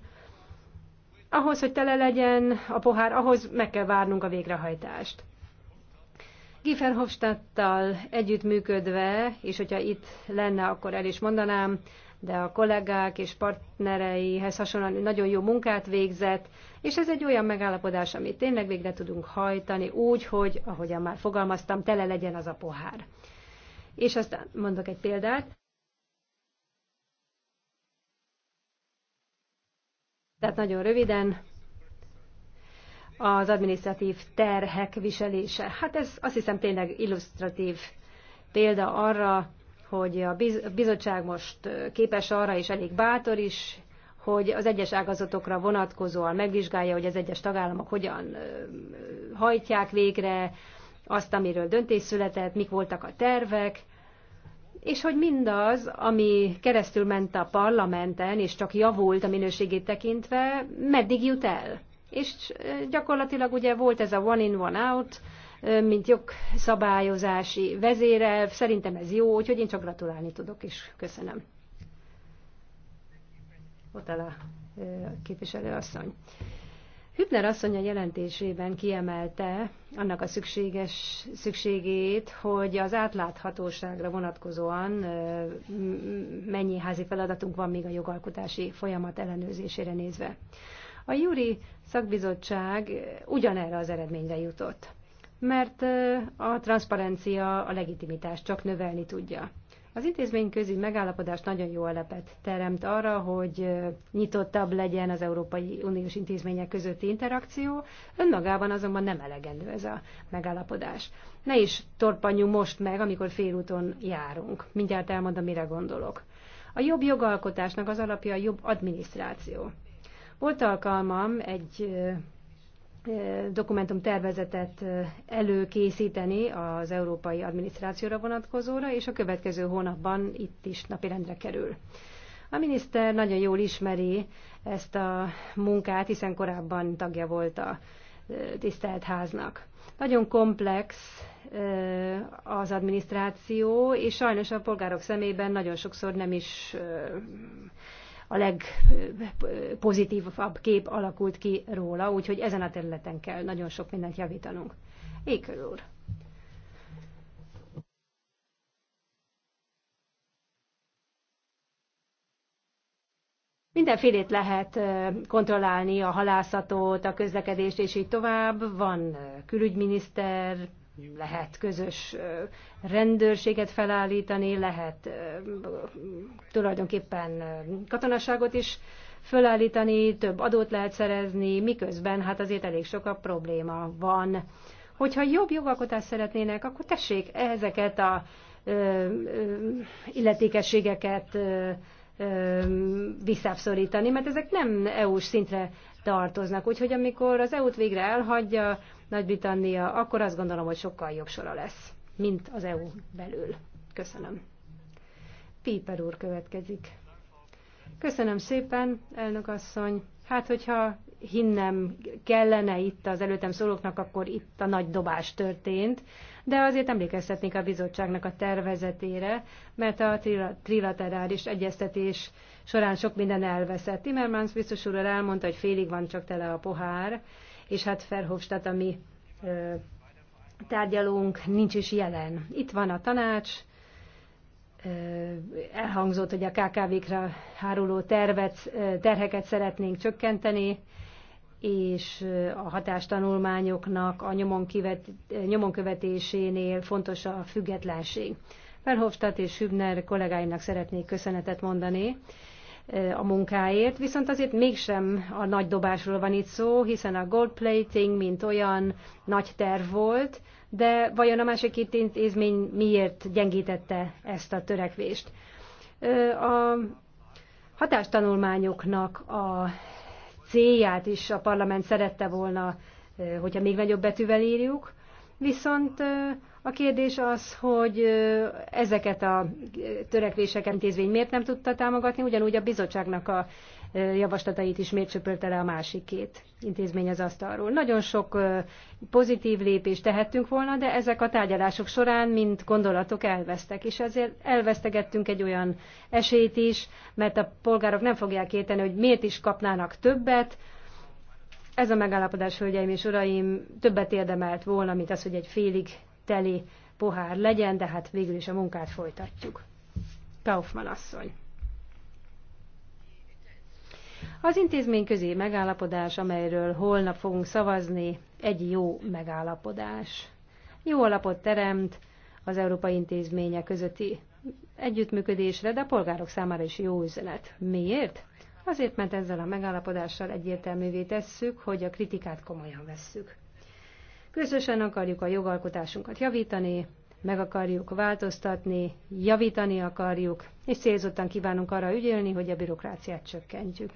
Ahhoz, hogy tele legyen a pohár, ahhoz meg kell várnunk a végrehajtást. Giffen Hofstadttal együttműködve, és hogyha itt lenne, akkor el is mondanám, de a kollégák és partnereihez hasonlóan nagyon jó munkát végzett, és ez egy olyan megállapodás, amit tényleg végre tudunk hajtani úgy, hogy, ahogyan már fogalmaztam, tele legyen az a pohár. És aztán mondok egy példát. Tehát nagyon röviden, az administratív terhek viselése. Hát ez azt hiszem tényleg illusztratív példa arra, hogy a bizottság most képes arra, és elég bátor is, hogy az egyes ágazatokra vonatkozóan megvizsgálja, hogy az egyes tagállamok hogyan hajtják végre azt, amiről döntés született, mik voltak a tervek, és hogy mindaz, ami keresztül ment a parlamenten, és csak javult a minőségét tekintve, meddig jut el. És gyakorlatilag ugye volt ez a one in, one out, mint jogszabályozási vezérelv. Szerintem ez jó, úgyhogy én csak gratulálni tudok, és köszönöm. Ott áll a képviselőasszony. Hübner asszony a jelentésében kiemelte annak a szükséges, szükségét, hogy az átláthatóságra vonatkozóan mennyi házi feladatunk van még a jogalkotási folyamat ellenőrzésére nézve. A Júri szakbizottság ugyanerre az eredményre jutott mert a transzparencia a legitimitást csak növelni tudja. Az közi megállapodás nagyon jó elepet teremt arra, hogy nyitottabb legyen az Európai Uniós intézmények közötti interakció, önmagában azonban nem elegendő ez a megállapodás. Ne is torpanjunk most meg, amikor félúton járunk. Mindjárt elmondom, mire gondolok. A jobb jogalkotásnak az alapja a jobb adminisztráció. Volt alkalmam egy dokumentum tervezetet előkészíteni az európai adminisztrációra vonatkozóra, és a következő hónapban itt is napirendre kerül. A miniszter nagyon jól ismeri ezt a munkát, hiszen korábban tagja volt a tisztelt háznak. Nagyon komplex az adminisztráció, és sajnos a polgárok szemében nagyon sokszor nem is a legpozitívabb kép alakult ki róla, úgyhogy ezen a területen kell nagyon sok mindent javítanunk. Ékör úr! Mindenfélét lehet kontrollálni, a halászatot, a közlekedést és így tovább. Van külügyminiszter, lehet közös rendőrséget felállítani, lehet tulajdonképpen katonaságot is felállítani, több adót lehet szerezni, miközben hát azért elég sok a probléma van. Hogyha jobb jogalkotást szeretnének, akkor tessék ezeket a ö, ö, illetékességeket ö, visszábszorítani, mert ezek nem EU-s szintre tartoznak. Úgyhogy amikor az EU-t végre elhagyja, nagy-Britannia, akkor azt gondolom, hogy sokkal jobb sora lesz, mint az EU belül. Köszönöm. Piper úr következik. Köszönöm szépen, elnök asszony. Hát, hogyha hinnem kellene itt az előttem szólóknak, akkor itt a nagy dobás történt, de azért emlékeztetnék a bizottságnak a tervezetére, mert a trilaterális egyeztetés során sok minden elveszett. Timmermans biztos úr elmondta, hogy félig van csak tele a pohár, és hát Ferhofstadt, ami tárgyalunk, nincs is jelen. Itt van a tanács, elhangzott, hogy a KKV-kra háruló tervet, terheket szeretnénk csökkenteni, és a hatástanulmányoknak a nyomon, kivet, nyomon követésénél fontos a függetlenség. Verhofstadt és Hübner kollégáimnak szeretnék köszönetet mondani, a munkáért, viszont azért mégsem a nagy dobásról van itt szó, hiszen a gold plating, mint olyan nagy terv volt, de vajon a másik két intézmény miért gyengítette ezt a törekvést? A hatástanulmányoknak a célját is a parlament szerette volna, hogyha még nagyobb betűvel írjuk, viszont a kérdés az, hogy ezeket a törekvéseket intézvény miért nem tudta támogatni, ugyanúgy a bizottságnak a javaslatait is miért csöpölte le a másik két intézmény az asztalról. Nagyon sok pozitív lépést tehettünk volna, de ezek a tárgyalások során mint gondolatok elvesztek, és ezért elvesztegettünk egy olyan esélyt is, mert a polgárok nem fogják érteni, hogy miért is kapnának többet, ez a megállapodás, hölgyeim és uraim, többet érdemelt volna, mint az, hogy egy félig teli pohár legyen, de hát végül is a munkát folytatjuk. Kaufmann asszony. Az intézmény közé megállapodás, amelyről holnap fogunk szavazni, egy jó megállapodás. Jó alapot teremt az európai intézmények közötti együttműködésre, de a polgárok számára is jó üzenet. Miért? Azért, mert ezzel a megállapodással egyértelművé tesszük, hogy a kritikát komolyan vesszük. Közösen akarjuk a jogalkotásunkat javítani, meg akarjuk változtatni, javítani akarjuk, és célzottan kívánunk arra ügyelni, hogy a bürokráciát csökkentjük.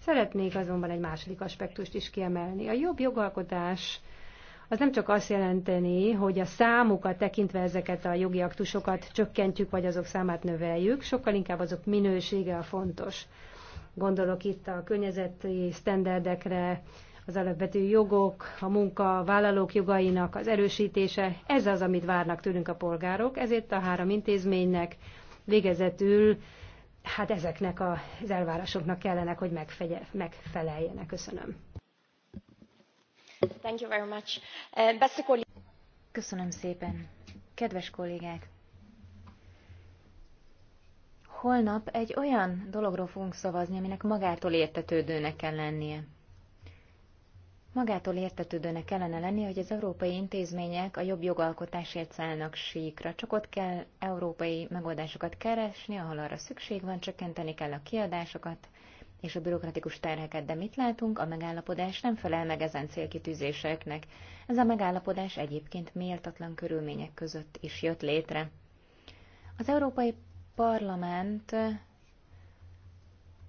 Szeretnék azonban egy második aspektust is kiemelni. A jobb jogalkotás az nem csak azt jelenteni, hogy a számukat tekintve ezeket a jogi aktusokat csökkentjük, vagy azok számát növeljük, sokkal inkább azok minősége a fontos. Gondolok itt a környezeti sztenderdekre, az alapvető jogok, a munkavállalók jogainak az erősítése, ez az, amit várnak tőlünk a polgárok, ezért a három intézménynek végezetül hát ezeknek az elvárásoknak kellene, hogy megfeleljenek. Köszönöm. Thank you very much. Eh, Köszönöm szépen. Kedves kollégák! Holnap egy olyan dologról fogunk szavazni, aminek magától értetődőnek kell lennie. Magától értetődőnek kellene lenni, hogy az európai intézmények a jobb jogalkotásért szállnak síkra. Csak ott kell európai megoldásokat keresni, ahol arra szükség van, csökkenteni kell a kiadásokat és a bürokratikus terheket. De mit látunk? A megállapodás nem felel meg ezen célkitűzéseknek. Ez a megállapodás egyébként méltatlan körülmények között is jött létre. Az Európai Parlament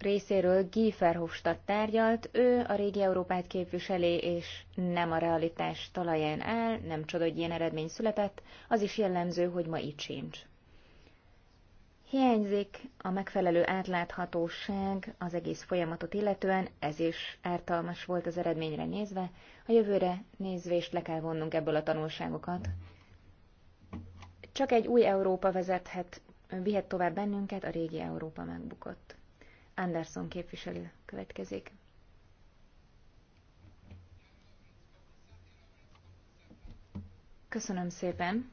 részéről Guy Verhofstadt tárgyalt, ő a régi Európát képviseli, és nem a realitás talaján áll, nem csoda, hogy ilyen eredmény született, az is jellemző, hogy ma itt sincs. Hiányzik a megfelelő átláthatóság az egész folyamatot illetően, ez is ártalmas volt az eredményre nézve, a jövőre nézvést le kell vonnunk ebből a tanulságokat. Csak egy új Európa vezethet, vihet tovább bennünket, a régi Európa megbukott. Anderson képviselő következik. Köszönöm szépen!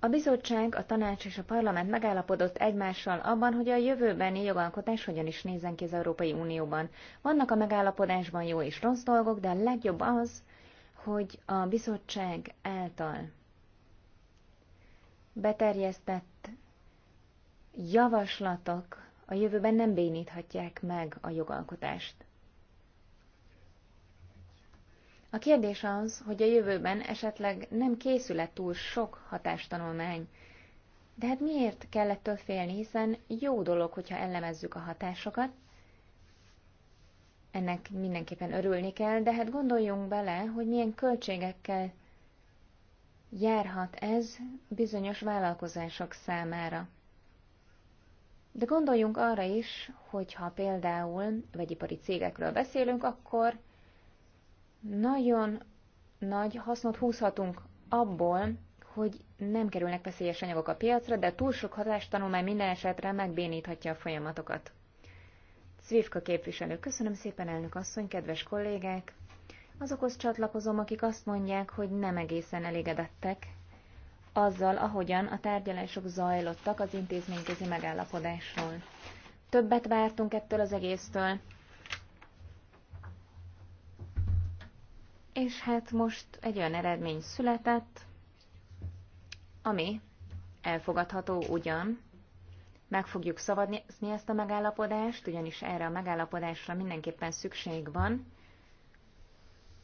A bizottság, a tanács és a parlament megállapodott egymással abban, hogy a jövőbeni jogalkotás hogyan is nézzen ki az Európai Unióban. Vannak a megállapodásban jó és rossz dolgok, de a legjobb az, hogy a bizottság által beterjesztett javaslatok a jövőben nem béníthatják meg a jogalkotást. A kérdés az, hogy a jövőben esetleg nem készül túl sok hatástanulmány. De hát miért kell ettől félni, hiszen jó dolog, hogyha ellemezzük a hatásokat, ennek mindenképpen örülni kell, de hát gondoljunk bele, hogy milyen költségekkel járhat ez bizonyos vállalkozások számára. De gondoljunk arra is, hogyha például vegyipari cégekről beszélünk, akkor nagyon nagy hasznot húzhatunk abból, hogy nem kerülnek veszélyes anyagok a piacra, de túl sok hatástanulmány minden esetre megbéníthatja a folyamatokat. Szvivka képviselő, köszönöm szépen elnök asszony, kedves kollégák! Azokhoz csatlakozom, akik azt mondják, hogy nem egészen elégedettek azzal, ahogyan a tárgyalások zajlottak az intézményközi megállapodásról. Többet vártunk ettől az egésztől, és hát most egy olyan eredmény született, ami elfogadható ugyan, meg fogjuk szavazni ezt a megállapodást, ugyanis erre a megállapodásra mindenképpen szükség van,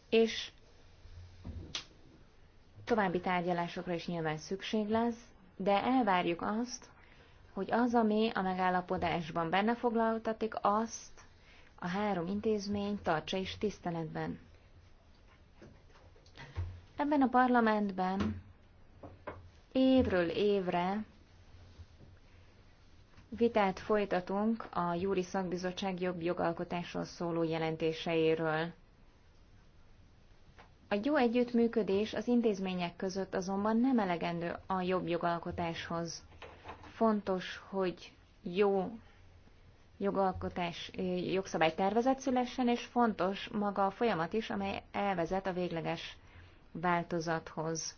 és További tárgyalásokra is nyilván szükség lesz, de elvárjuk azt, hogy az, ami a megállapodásban benne foglaltatik, azt a három intézmény tartsa is tiszteletben. Ebben a parlamentben évről évre vitát folytatunk a Júri Szakbizottság jobb jogalkotásról szóló jelentéseiről. A jó együttműködés az intézmények között azonban nem elegendő a jobb jogalkotáshoz. Fontos, hogy jó jogalkotás, eh, jogszabálytervezet szülessen, és fontos maga a folyamat is, amely elvezet a végleges változathoz.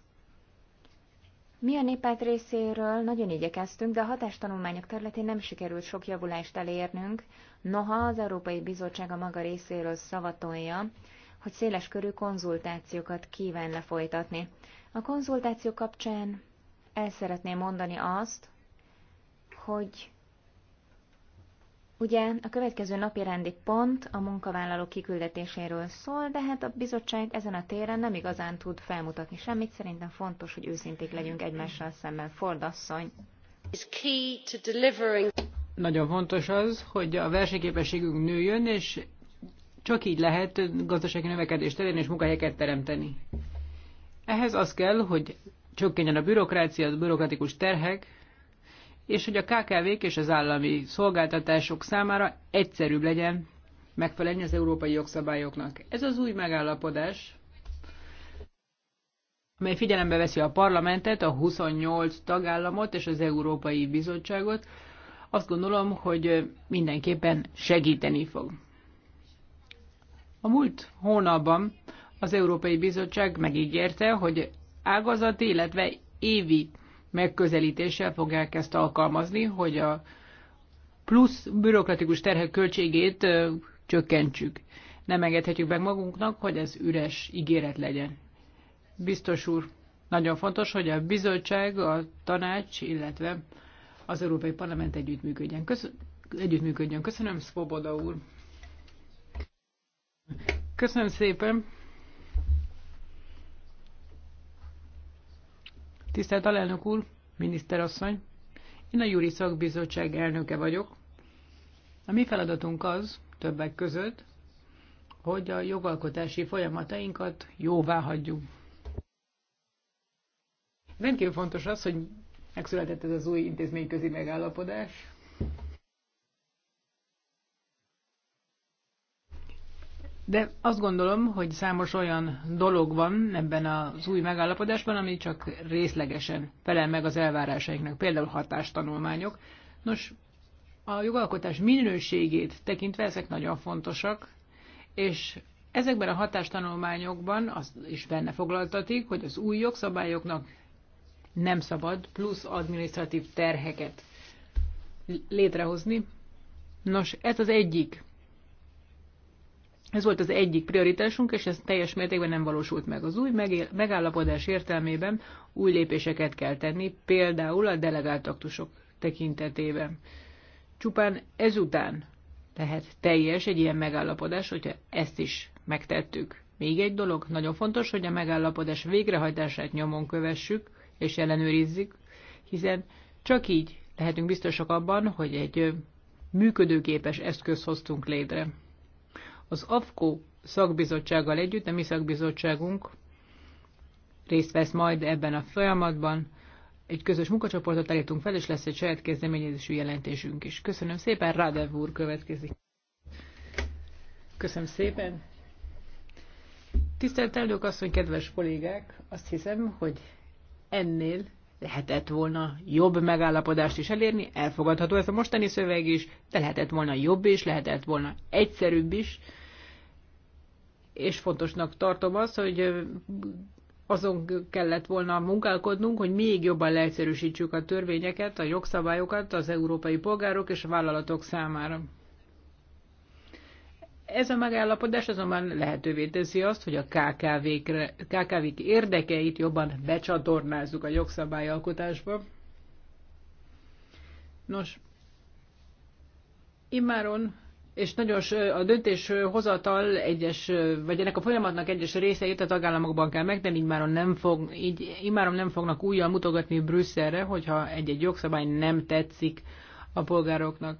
Mi a népát részéről nagyon igyekeztünk, de a hatástanulmányok területén nem sikerült sok javulást elérnünk, noha az Európai Bizottság a maga részéről szavatolja, hogy széles körű konzultációkat kíván lefolytatni. A konzultáció kapcsán el szeretném mondani azt, hogy Ugye a következő napi rendi pont a munkavállaló kiküldetéséről szól, de hát a bizottság ezen a téren nem igazán tud felmutatni semmit. Szerintem fontos, hogy őszinték legyünk egymással szemben. Ford asszony. Nagyon fontos az, hogy a versenyképességünk nőjön, és csak így lehet gazdasági növekedést elérni és munkahelyeket teremteni. Ehhez az kell, hogy csökkenjen a bürokrácia, a bürokratikus terhek, és hogy a KKV-k és az állami szolgáltatások számára egyszerűbb legyen megfelelni az európai jogszabályoknak. Ez az új megállapodás, amely figyelembe veszi a parlamentet, a 28 tagállamot és az Európai Bizottságot, azt gondolom, hogy mindenképpen segíteni fog. A múlt hónapban az Európai Bizottság megígérte, hogy ágazati, illetve évi megközelítéssel fogják ezt alkalmazni, hogy a plusz bürokratikus terhek költségét csökkentsük. Nem engedhetjük meg magunknak, hogy ez üres ígéret legyen. Biztos úr, nagyon fontos, hogy a bizottság, a tanács, illetve az Európai Parlament együttműködjön. Köszön- együttműködjön. Köszönöm, Svoboda úr. Köszönöm szépen. Tisztelt alelnök úr, miniszterasszony, én a Júri Szakbizottság elnöke vagyok. A mi feladatunk az, többek között, hogy a jogalkotási folyamatainkat jóvá hagyjuk. Rendkívül fontos az, hogy megszületett ez az új intézményközi megállapodás, De azt gondolom, hogy számos olyan dolog van ebben az új megállapodásban, ami csak részlegesen felel meg az elvárásainknak, például hatástanulmányok. Nos, a jogalkotás minőségét tekintve ezek nagyon fontosak, és ezekben a hatástanulmányokban az is benne foglaltatik, hogy az új jogszabályoknak nem szabad plusz adminisztratív terheket létrehozni. Nos, ez az egyik ez volt az egyik prioritásunk, és ez teljes mértékben nem valósult meg. Az új megállapodás értelmében új lépéseket kell tenni, például a delegált aktusok tekintetében. Csupán ezután lehet teljes egy ilyen megállapodás, hogyha ezt is megtettük. Még egy dolog, nagyon fontos, hogy a megállapodás végrehajtását nyomon kövessük és ellenőrizzük, hiszen csak így lehetünk biztosak abban, hogy egy működőképes eszköz hoztunk létre. Az AFKO szakbizottsággal együtt, a mi szakbizottságunk részt vesz majd ebben a folyamatban. Egy közös munkacsoportot állítunk fel, és lesz egy saját kezdeményezésű jelentésünk is. Köszönöm szépen, Rádev úr következik. Köszönöm szépen. Tisztelt elnök asszony, kedves kollégák, azt hiszem, hogy ennél lehetett volna jobb megállapodást is elérni, elfogadható ez a mostani szöveg is, de lehetett volna jobb is, lehetett volna egyszerűbb is és fontosnak tartom azt, hogy azon kellett volna munkálkodnunk, hogy még jobban leegyszerűsítsük a törvényeket, a jogszabályokat az európai polgárok és a vállalatok számára. Ez a megállapodás azonban lehetővé teszi azt, hogy a KKV-k KKV érdekeit jobban becsatornázzuk a jogszabályalkotásba. Nos, immáron és nagyon a döntéshozatal egyes, vagy ennek a folyamatnak egyes részeit a tagállamokban kell megtenni, így már nem, fog, így, immáron nem fognak újjal mutogatni Brüsszelre, hogyha egy-egy jogszabály nem tetszik a polgároknak.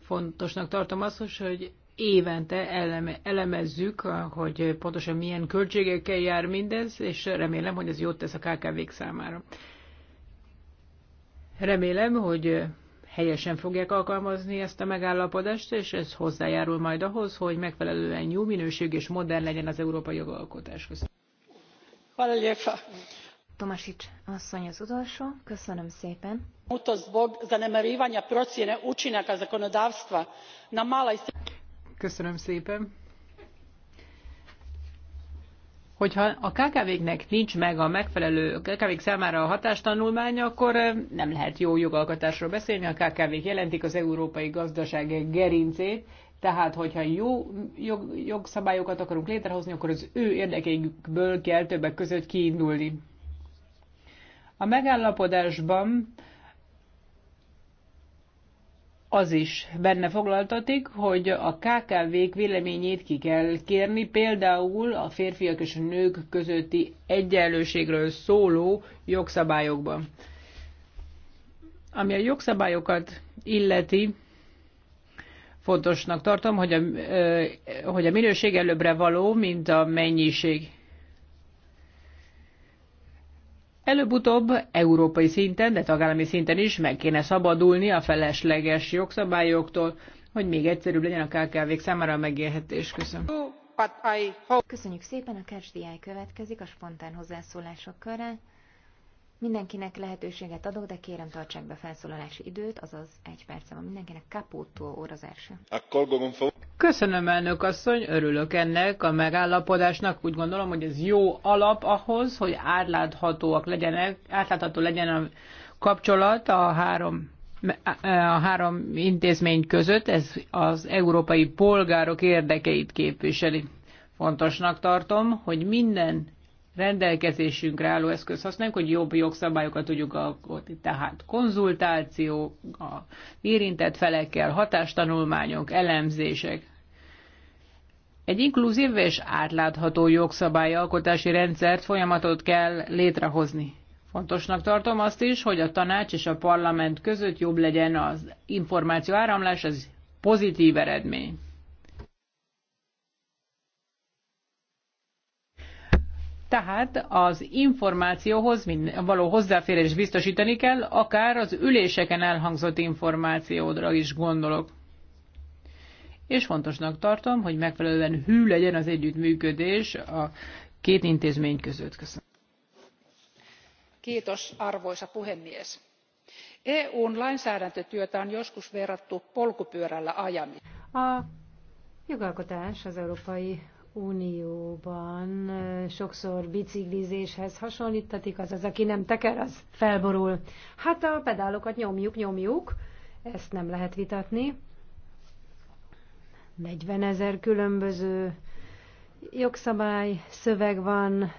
Fontosnak tartom azt, hogy évente eleme, elemezzük, hogy pontosan milyen költségekkel jár mindez, és remélem, hogy ez jót tesz a KKV-k számára. Remélem, hogy helyesen fogják alkalmazni ezt a megállapodást, és ez hozzájárul majd ahhoz, hogy megfelelően jó minőség és modern legyen az európai jogalkotás. Köszönöm. Tomasics asszony az utolsó. Köszönöm szépen. procjene na mala Köszönöm szépen hogyha a KKV-knek nincs meg a megfelelő kkv számára a hatástanulmány, akkor nem lehet jó jogalkotásról beszélni. A KKV-k jelentik az európai gazdaság gerincét, tehát, hogyha jó jog, jogszabályokat akarunk létrehozni, akkor az ő érdekeikből kell többek között kiindulni. A megállapodásban az is benne foglaltatik, hogy a KKV-k véleményét ki kell kérni, például a férfiak és a nők közötti egyenlőségről szóló jogszabályokban. Ami a jogszabályokat illeti, fontosnak tartom, hogy a, hogy a minőség előbbre való, mint a mennyiség. Előbb-utóbb európai szinten, de tagállami szinten is meg kéne szabadulni a felesleges jogszabályoktól, hogy még egyszerűbb legyen a KKV-k számára a megélhetés. Köszönöm. Köszönjük szépen, a KSDI következik a spontán hozzászólások körre. Mindenkinek lehetőséget adok, de kérem tartsák be felszólalási időt, azaz egy percem van mindenkinek óra az első. Köszönöm, elnök asszony, örülök ennek a megállapodásnak. Úgy gondolom, hogy ez jó alap ahhoz, hogy átláthatóak legyenek, átlátható legyen a kapcsolat a három a három intézmény között, ez az európai polgárok érdekeit képviseli. Fontosnak tartom, hogy minden rendelkezésünkre álló eszköz használjuk, hogy jobb jogszabályokat tudjuk alkotni. Tehát konzultáció, a érintett felekkel, hatástanulmányok, elemzések. Egy inkluzív és átlátható jogszabályalkotási rendszert folyamatot kell létrehozni. Fontosnak tartom azt is, hogy a tanács és a parlament között jobb legyen az információ áramlás, ez pozitív eredmény. Tehát az információhoz való hozzáférés biztosítani kell, akár az üléseken elhangzott információdra is gondolok. És fontosnak tartom, hogy megfelelően hű legyen az együttműködés a két intézmény között. Köszönöm. Kiitos, arvoisa puhemies. EUn lainsäädäntötyötä on joskus verrattu polkupyörällä ajamiseen. A jogalkotás az Európai Unióban sokszor biciklizéshez hasonlítatik, azaz aki nem teker, az felborul. Hát a pedálokat nyomjuk, nyomjuk, ezt nem lehet vitatni. 40 ezer különböző jogszabály, szöveg van,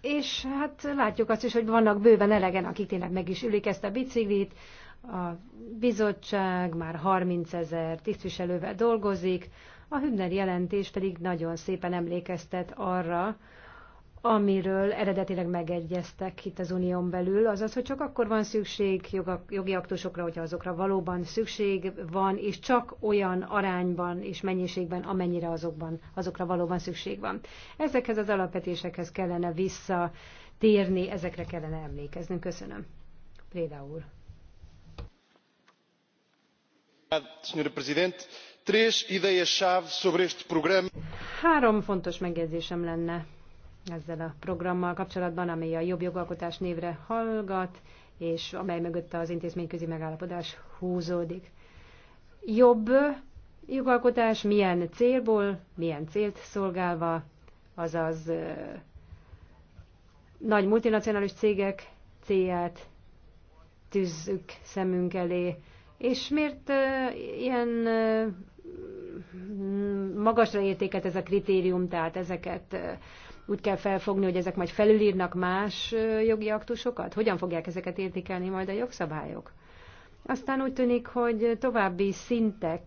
és hát látjuk azt is, hogy vannak bőven elegen, akik tényleg meg is ülik ezt a biciklit. A bizottság már 30 ezer tisztviselővel dolgozik, a Hübner jelentés pedig nagyon szépen emlékeztet arra, amiről eredetileg megegyeztek itt az unión belül, azaz, hogy csak akkor van szükség jogi aktusokra, hogyha azokra valóban szükség van, és csak olyan arányban és mennyiségben, amennyire azokban, azokra valóban szükség van. Ezekhez az alapvetésekhez kellene visszatérni, ezekre kellene emlékezni. Köszönöm. Préda úr. Három fontos megjegyzésem lenne ezzel a programmal kapcsolatban, ami a jobb jogalkotás névre hallgat, és amely mögött az intézményközi megállapodás húzódik. Jobb jogalkotás milyen célból, milyen célt szolgálva, azaz nagy multinacionális cégek célját tűzzük szemünk elé, és miért ilyen magasra értéket ez a kritérium, tehát ezeket úgy kell felfogni, hogy ezek majd felülírnak más jogi aktusokat? Hogyan fogják ezeket értékelni majd a jogszabályok? Aztán úgy tűnik, hogy további szintek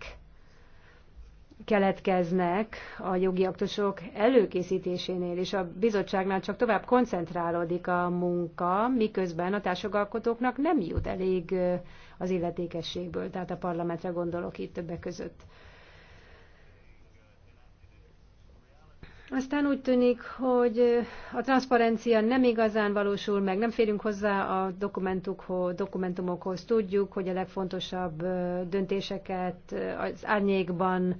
keletkeznek a jogi aktusok előkészítésénél, és a bizottságnál csak tovább koncentrálódik a munka, miközben a társjogalkotóknak nem jut elég az illetékességből, tehát a parlamentre gondolok itt többek között. Aztán úgy tűnik, hogy a transzparencia nem igazán valósul meg, nem férünk hozzá a dokumentumokhoz. Tudjuk, hogy a legfontosabb döntéseket az árnyékban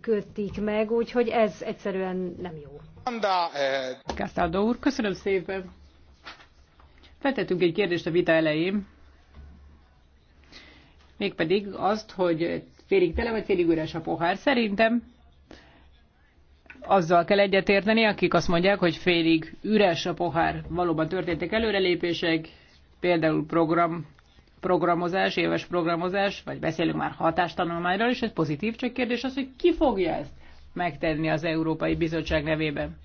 kötik meg, úgyhogy ez egyszerűen nem jó. Kastáldó eh, úr, köszönöm szépen. Feltettünk egy kérdést a vita elején, mégpedig azt, hogy félig tele vagy félig üres a pohár. Szerintem azzal kell egyetérteni, akik azt mondják, hogy félig üres a pohár. Valóban történtek előrelépések, például program programozás, éves programozás, vagy beszélünk már hatástanulmányról is, ez pozitív, csak kérdés az, hogy ki fogja ezt megtenni az Európai Bizottság nevében.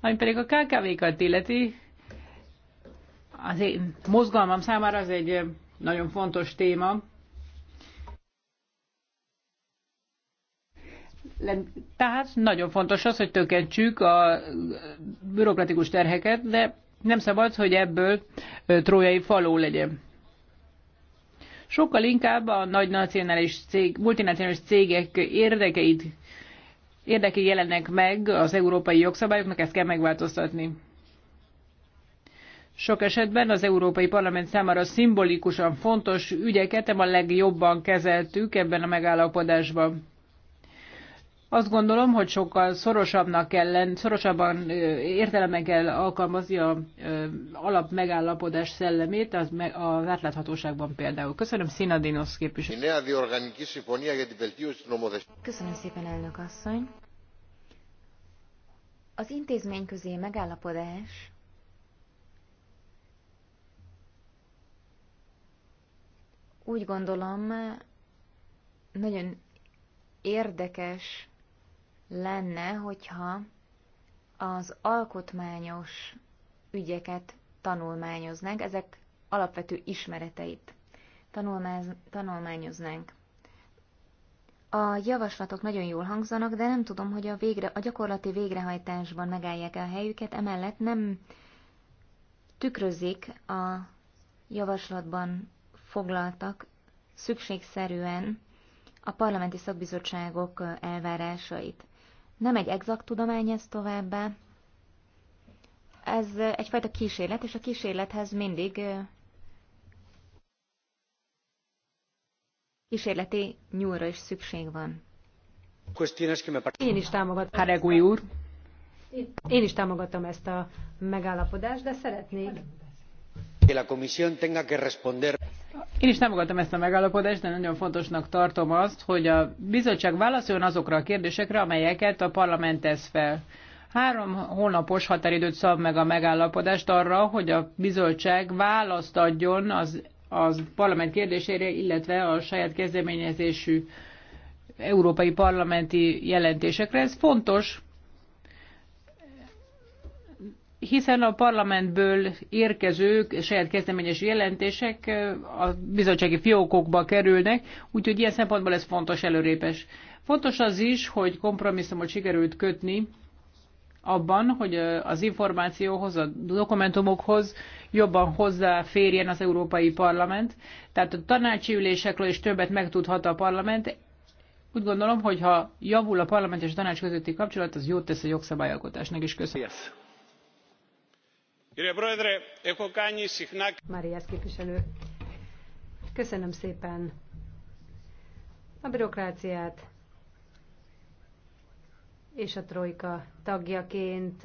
Ami pedig a KKV-kat illeti, az én mozgalmam számára az egy nagyon fontos téma. Tehát nagyon fontos az, hogy tökentsük a bürokratikus terheket, de nem szabad, hogy ebből trójai faló legyen sokkal inkább a nagy nacionális cég, multinacionális cégek érdekeit érdekei jelennek meg az európai jogszabályoknak, ezt kell megváltoztatni. Sok esetben az Európai Parlament számára szimbolikusan fontos ügyeket a legjobban kezeltük ebben a megállapodásban. Azt gondolom, hogy sokkal szorosabbnak kell lenni, szorosabban értelemben kell alkalmazni a alap megállapodás szellemét az, az átláthatóságban például. Köszönöm, színadinos Dinosz képviselő. Köszönöm szépen, elnök asszony. Az közé megállapodás úgy gondolom, nagyon érdekes lenne, hogyha az alkotmányos ügyeket tanulmányoznánk, ezek alapvető ismereteit tanulmányoznánk. A javaslatok nagyon jól hangzanak, de nem tudom, hogy a, végre, a gyakorlati végrehajtásban megállják el a helyüket, emellett nem tükrözik a javaslatban foglaltak szükségszerűen a parlamenti szakbizottságok elvárásait. Nem egy exakt tudomány ez továbbá. Ez egyfajta kísérlet, és a kísérlethez mindig kísérleti nyúlra is szükség van. Én is támogatom. Haregui úr. Én is támogatom ezt a megállapodást, de szeretnék. Que la tenga que responder. Én is támogatom ezt a megállapodást, de nagyon fontosnak tartom azt, hogy a bizottság válaszoljon azokra a kérdésekre, amelyeket a parlament tesz fel. Három hónapos határidőt szab meg a megállapodást arra, hogy a bizottság választ adjon az, az parlament kérdésére, illetve a saját kezdeményezésű európai parlamenti jelentésekre. Ez fontos, hiszen a parlamentből érkező saját kezdeményes jelentések a bizottsági fiókokba kerülnek, úgyhogy ilyen szempontból ez fontos előrépes. Fontos az is, hogy kompromisszumot sikerült kötni abban, hogy az információhoz, a dokumentumokhoz jobban hozzáférjen az Európai Parlament. Tehát a tanácsi ülésekről is többet megtudhat a parlament. Úgy gondolom, hogy ha javul a parlament és a tanács közötti kapcsolat, az jót tesz a jogszabályalkotásnak is. Köszönöm. Yes. Marias képviselő. Köszönöm szépen. A bürokráciát és a trojka tagjaként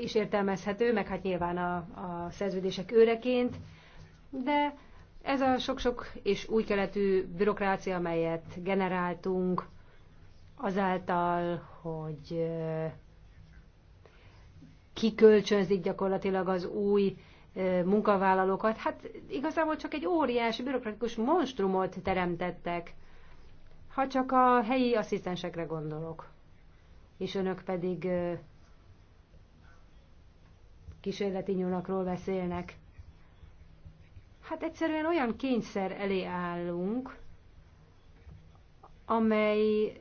is értelmezhető, meg hát nyilván a, a szerződések őreként, de ez a sok-sok és új keletű bürokrácia, amelyet generáltunk, azáltal, hogy kikölcsönzik gyakorlatilag az új munkavállalókat. Hát igazából csak egy óriási bürokratikus monstrumot teremtettek, ha csak a helyi asszisztensekre gondolok. És önök pedig kísérleti nyúlakról beszélnek. Hát egyszerűen olyan kényszer elé állunk, amely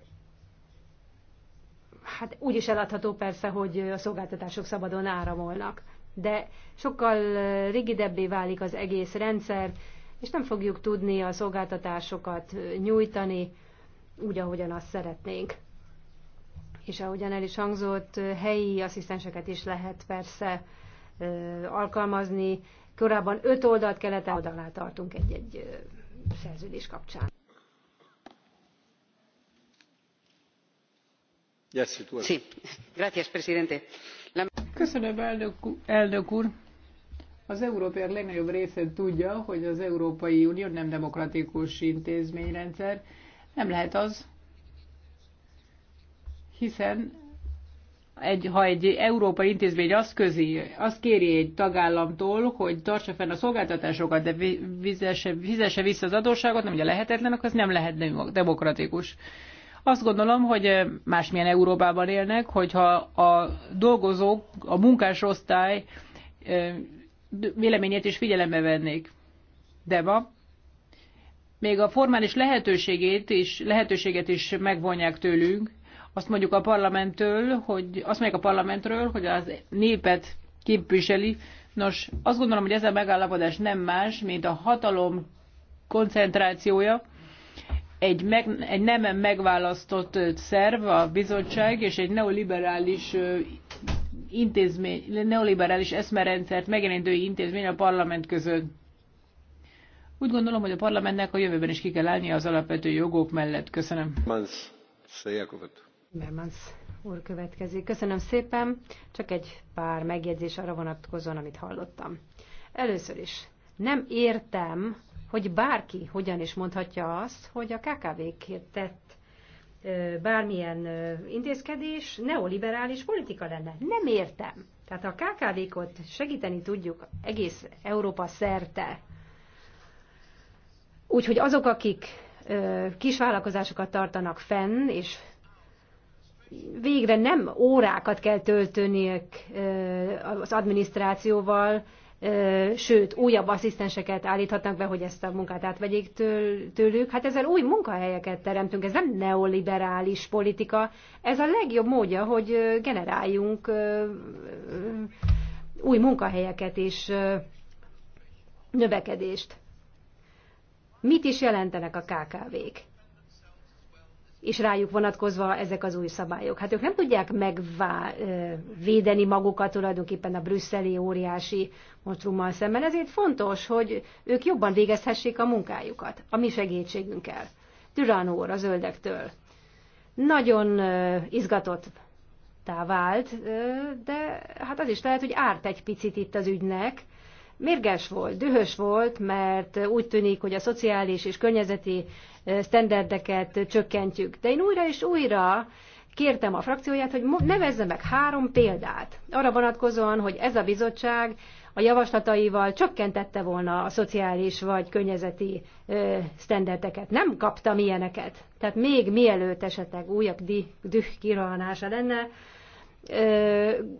hát úgy is eladható persze, hogy a szolgáltatások szabadon áramolnak. De sokkal rigidebbé válik az egész rendszer, és nem fogjuk tudni a szolgáltatásokat nyújtani úgy, ahogyan azt szeretnénk. És ahogyan el is hangzott, helyi asszisztenseket is lehet persze alkalmazni. Korábban öt oldalt kellett, oldalát tartunk egy-egy szerződés kapcsán. Köszönöm, elnök úr! Az európaiak legnagyobb része tudja, hogy az Európai Unió nem demokratikus intézményrendszer. Nem lehet az, hiszen egy, ha egy európai intézmény azt, közi, azt kéri egy tagállamtól, hogy tartsa fenn a szolgáltatásokat, de fizesse, vissza az adósságot, nem ugye lehetetlen, akkor az nem lehet demokratikus. Azt gondolom, hogy eh, másmilyen Európában élnek, hogyha a dolgozók, a munkásosztály eh, véleményét is figyelembe vennék. De ma még a formális lehetőségét is, lehetőséget is megvonják tőlünk. Azt mondjuk a parlamenttől, hogy azt mondják a parlamentről, hogy az népet képviseli. Nos, azt gondolom, hogy ez a megállapodás nem más, mint a hatalom koncentrációja, egy, meg, egy nem megválasztott szerv, a bizottság, és egy neoliberális intézmény, neoliberális eszmerendszert megjelentő intézmény a parlament között. Úgy gondolom, hogy a parlamentnek a jövőben is ki kell állnia az alapvető jogok mellett. Köszönöm. Mansz Mans, Mansz úr következik. Köszönöm szépen. Csak egy pár megjegyzés arra vonatkozóan, amit hallottam. Először is nem értem hogy bárki hogyan is mondhatja azt, hogy a KKV-kért tett bármilyen intézkedés neoliberális politika lenne. Nem értem. Tehát a KKV-kot segíteni tudjuk egész Európa szerte. Úgyhogy azok, akik kisvállalkozásokat tartanak fenn, és végre nem órákat kell töltöniük az adminisztrációval, sőt, újabb asszisztenseket állíthatnak be, hogy ezt a munkát átvegyék tőlük. Hát ezzel új munkahelyeket teremtünk, ez nem neoliberális politika, ez a legjobb módja, hogy generáljunk új munkahelyeket és növekedést. Mit is jelentenek a KKV-k? és rájuk vonatkozva ezek az új szabályok. Hát ők nem tudják megvédeni magukat tulajdonképpen a brüsszeli óriási motrummal szemben, ezért fontos, hogy ők jobban végezhessék a munkájukat, a mi segítségünkkel. Durán úr a zöldektől. Nagyon izgatott vált, de hát az is lehet, hogy árt egy picit itt az ügynek, mérges volt, dühös volt, mert úgy tűnik, hogy a szociális és környezeti sztenderdeket csökkentjük. De én újra és újra kértem a frakcióját, hogy nevezze meg három példát arra vonatkozóan, hogy ez a bizottság a javaslataival csökkentette volna a szociális vagy környezeti sztenderdeket. Nem kaptam ilyeneket. Tehát még mielőtt esetleg újabb düh kirohanása lenne,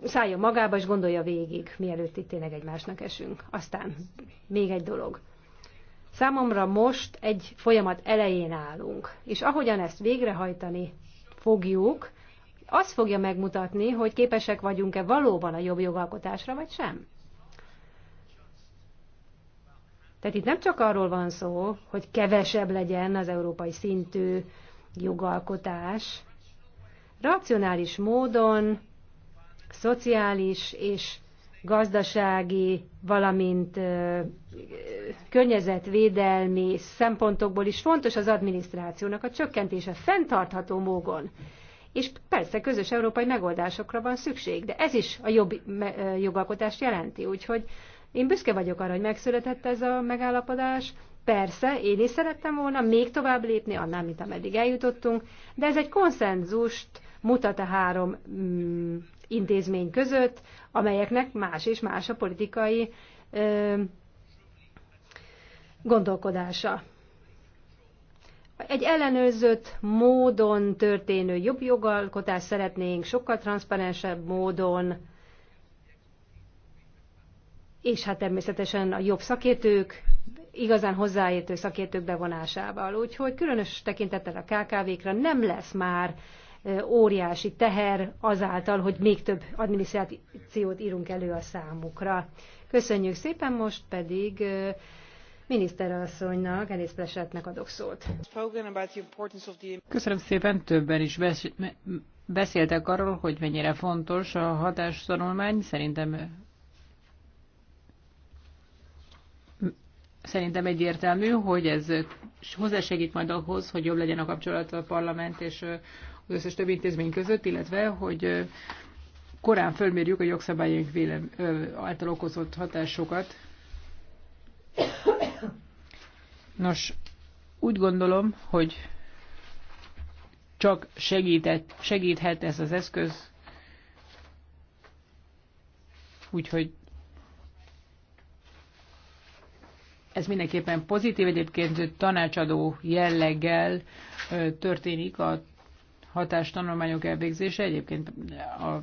szálljon magába, és gondolja végig, mielőtt itt tényleg egymásnak esünk. Aztán még egy dolog. Számomra most egy folyamat elején állunk, és ahogyan ezt végrehajtani fogjuk, az fogja megmutatni, hogy képesek vagyunk-e valóban a jobb jogalkotásra, vagy sem. Tehát itt nem csak arról van szó, hogy kevesebb legyen az európai szintű jogalkotás, racionális módon szociális és gazdasági, valamint környezetvédelmi szempontokból is fontos az adminisztrációnak a csökkentése fenntartható módon. És persze közös európai megoldásokra van szükség, de ez is a jobb jogalkotást jelenti. Úgyhogy én büszke vagyok arra, hogy megszületett ez a megállapodás. Persze, én is szerettem volna még tovább lépni, annál, mint ameddig eljutottunk, de ez egy konszenzust mutat a három mm, intézmény között, amelyeknek más és más a politikai ö, gondolkodása. Egy ellenőrzött módon történő jobb jogalkotást szeretnénk, sokkal transzparensebb módon, és hát természetesen a jobb szakértők, igazán hozzáértő szakértők bevonásával. Úgyhogy különös tekintettel a KKV-kra nem lesz már óriási teher azáltal, hogy még több adminisztrációt írunk elő a számukra. Köszönjük szépen, most pedig miniszterasszonynak, Elis Plesetnek adok szót. Köszönöm szépen, többen is beszéltek arról, hogy mennyire fontos a hatástanulmány. Szerintem szerintem egyértelmű, hogy ez hozzásegít majd ahhoz, hogy jobb legyen a kapcsolat a parlament és az összes többi intézmény között, illetve hogy korán fölmérjük a jogszabályaink vélem, által okozott hatásokat. Nos, úgy gondolom, hogy csak segített, segíthet ez az eszköz, úgyhogy ez mindenképpen pozitív, egyébként tanácsadó jelleggel történik a hatástanulmányok elvégzése. Egyébként a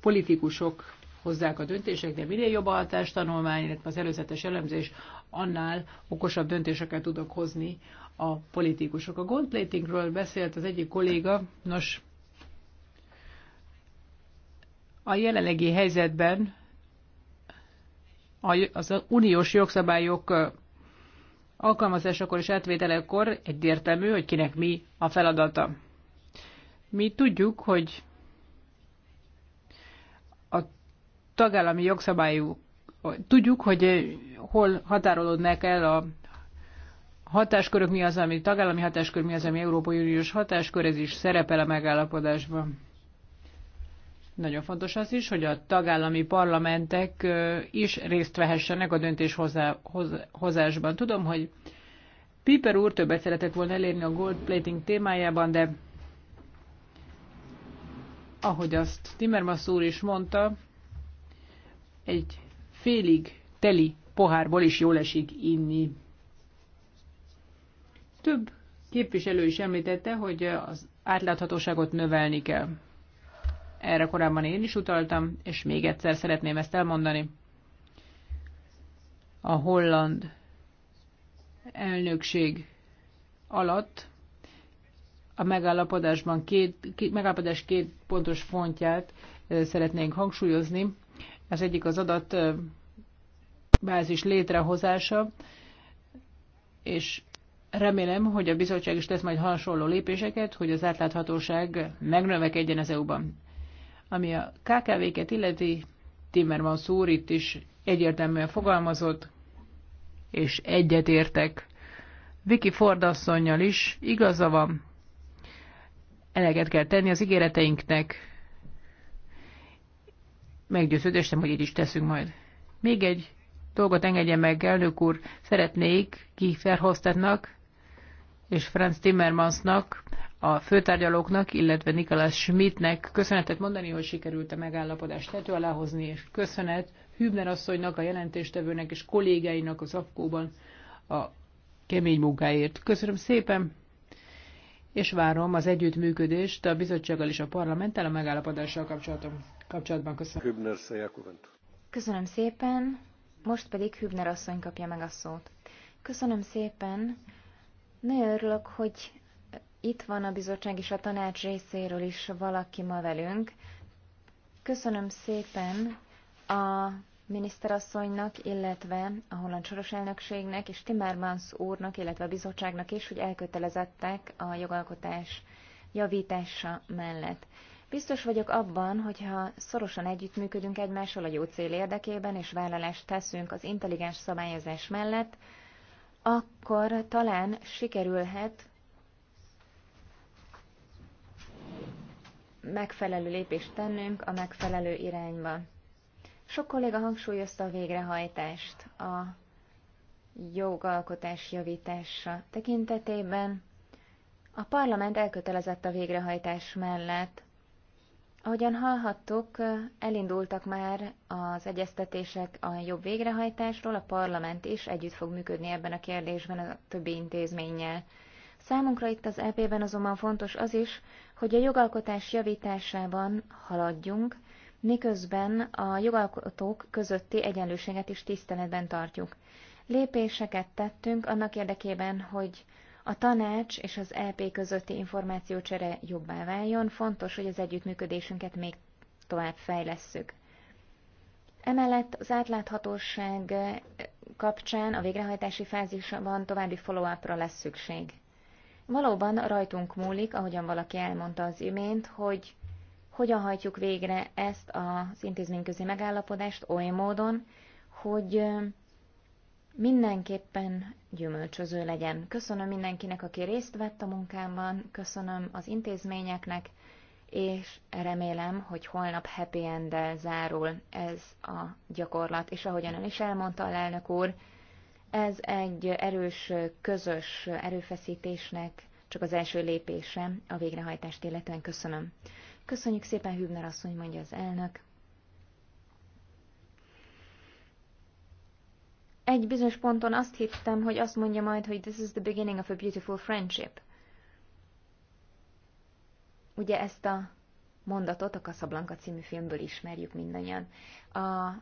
politikusok hozzák a döntések, de minél jobb a hatástanulmány, illetve az előzetes elemzés, annál okosabb döntéseket tudok hozni a politikusok. A gondplatingről beszélt az egyik kolléga, nos, a jelenlegi helyzetben az uniós jogszabályok alkalmazásakor és átvételekor egyértelmű, hogy kinek mi a feladata. Mi tudjuk, hogy a tagállami jogszabályú, tudjuk, hogy eh, hol határolódnak el a hatáskörök, mi az, ami tagállami hatáskör, mi az, ami Európai Uniós hatáskör, ez is szerepel a megállapodásban. Nagyon fontos az is, hogy a tagállami parlamentek eh, is részt vehessenek a döntéshozásban. Tudom, hogy Piper úr többet szeretett volna elérni a gold plating témájában, de ahogy azt Timmermans úr is mondta, egy félig teli pohárból is jól esik inni. Több képviselő is említette, hogy az átláthatóságot növelni kell. Erre korábban én is utaltam, és még egyszer szeretném ezt elmondani. A holland elnökség alatt a megállapodásban két, két, megállapodás két pontos fontját szeretnénk hangsúlyozni. Az egyik az adat bázis létrehozása, és remélem, hogy a bizottság is tesz majd hasonló lépéseket, hogy az átláthatóság megnövekedjen az EU-ban. Ami a KKV-ket illeti, Timmermans úr itt is egyértelműen fogalmazott, és egyetértek. Vicky Ford asszonynal is igaza van, eleget kell tenni az ígéreteinknek. Meggyőződésem, hogy így is teszünk majd. Még egy dolgot engedjen meg, elnök úr. Szeretnék Kiefer Hostetnak és Franz Timmermansnak, a főtárgyalóknak, illetve Nikolás Schmidtnek köszönetet mondani, hogy sikerült a megállapodást tető alá hozni, és köszönet Hübner asszonynak, a jelentéstevőnek és kollégáinak az afkóban a kemény munkáért. Köszönöm szépen! és várom az együttműködést a bizottsággal és a parlamenttel a megállapodással kapcsolatban. köszönöm. Köszönöm szépen, most pedig Hübner asszony kapja meg a szót. Köszönöm szépen, nagyon örülök, hogy itt van a bizottság és a tanács részéről is valaki ma velünk. Köszönöm szépen a miniszterasszonynak, illetve a holland soros elnökségnek és Timmermans úrnak, illetve a bizottságnak is, hogy elkötelezettek a jogalkotás javítása mellett. Biztos vagyok abban, hogyha szorosan együttműködünk egymással a jó cél érdekében, és vállalást teszünk az intelligens szabályozás mellett, akkor talán sikerülhet megfelelő lépést tennünk a megfelelő irányba. Sok kolléga hangsúlyozta a végrehajtást a jogalkotás javítása tekintetében. A parlament elkötelezett a végrehajtás mellett. Ahogyan hallhattuk, elindultak már az egyeztetések a jobb végrehajtásról, a parlament is együtt fog működni ebben a kérdésben a többi intézménnyel. Számunkra itt az EP-ben azonban fontos az is, hogy a jogalkotás javításában haladjunk, miközben a jogalkotók közötti egyenlőséget is tiszteletben tartjuk. Lépéseket tettünk annak érdekében, hogy a tanács és az LP e közötti információcsere jobbá váljon, fontos, hogy az együttműködésünket még tovább fejlesszük. Emellett az átláthatóság kapcsán a végrehajtási fázisban további follow-upra lesz szükség. Valóban rajtunk múlik, ahogyan valaki elmondta az imént, hogy hogyan hajtjuk végre ezt az intézményközi megállapodást oly módon, hogy mindenképpen gyümölcsöző legyen. Köszönöm mindenkinek, aki részt vett a munkámban, köszönöm az intézményeknek, és remélem, hogy holnap happy end zárul ez a gyakorlat. És ahogyan ön is elmondta, lelnök úr, ez egy erős, közös erőfeszítésnek csak az első lépése a végrehajtást illetően. Köszönöm. Köszönjük szépen, Hübner asszony, mondja az elnök. Egy bizonyos ponton azt hittem, hogy azt mondja majd, hogy this is the beginning of a beautiful friendship. Ugye ezt a mondatot a Casablanca című filmből ismerjük mindannyian. A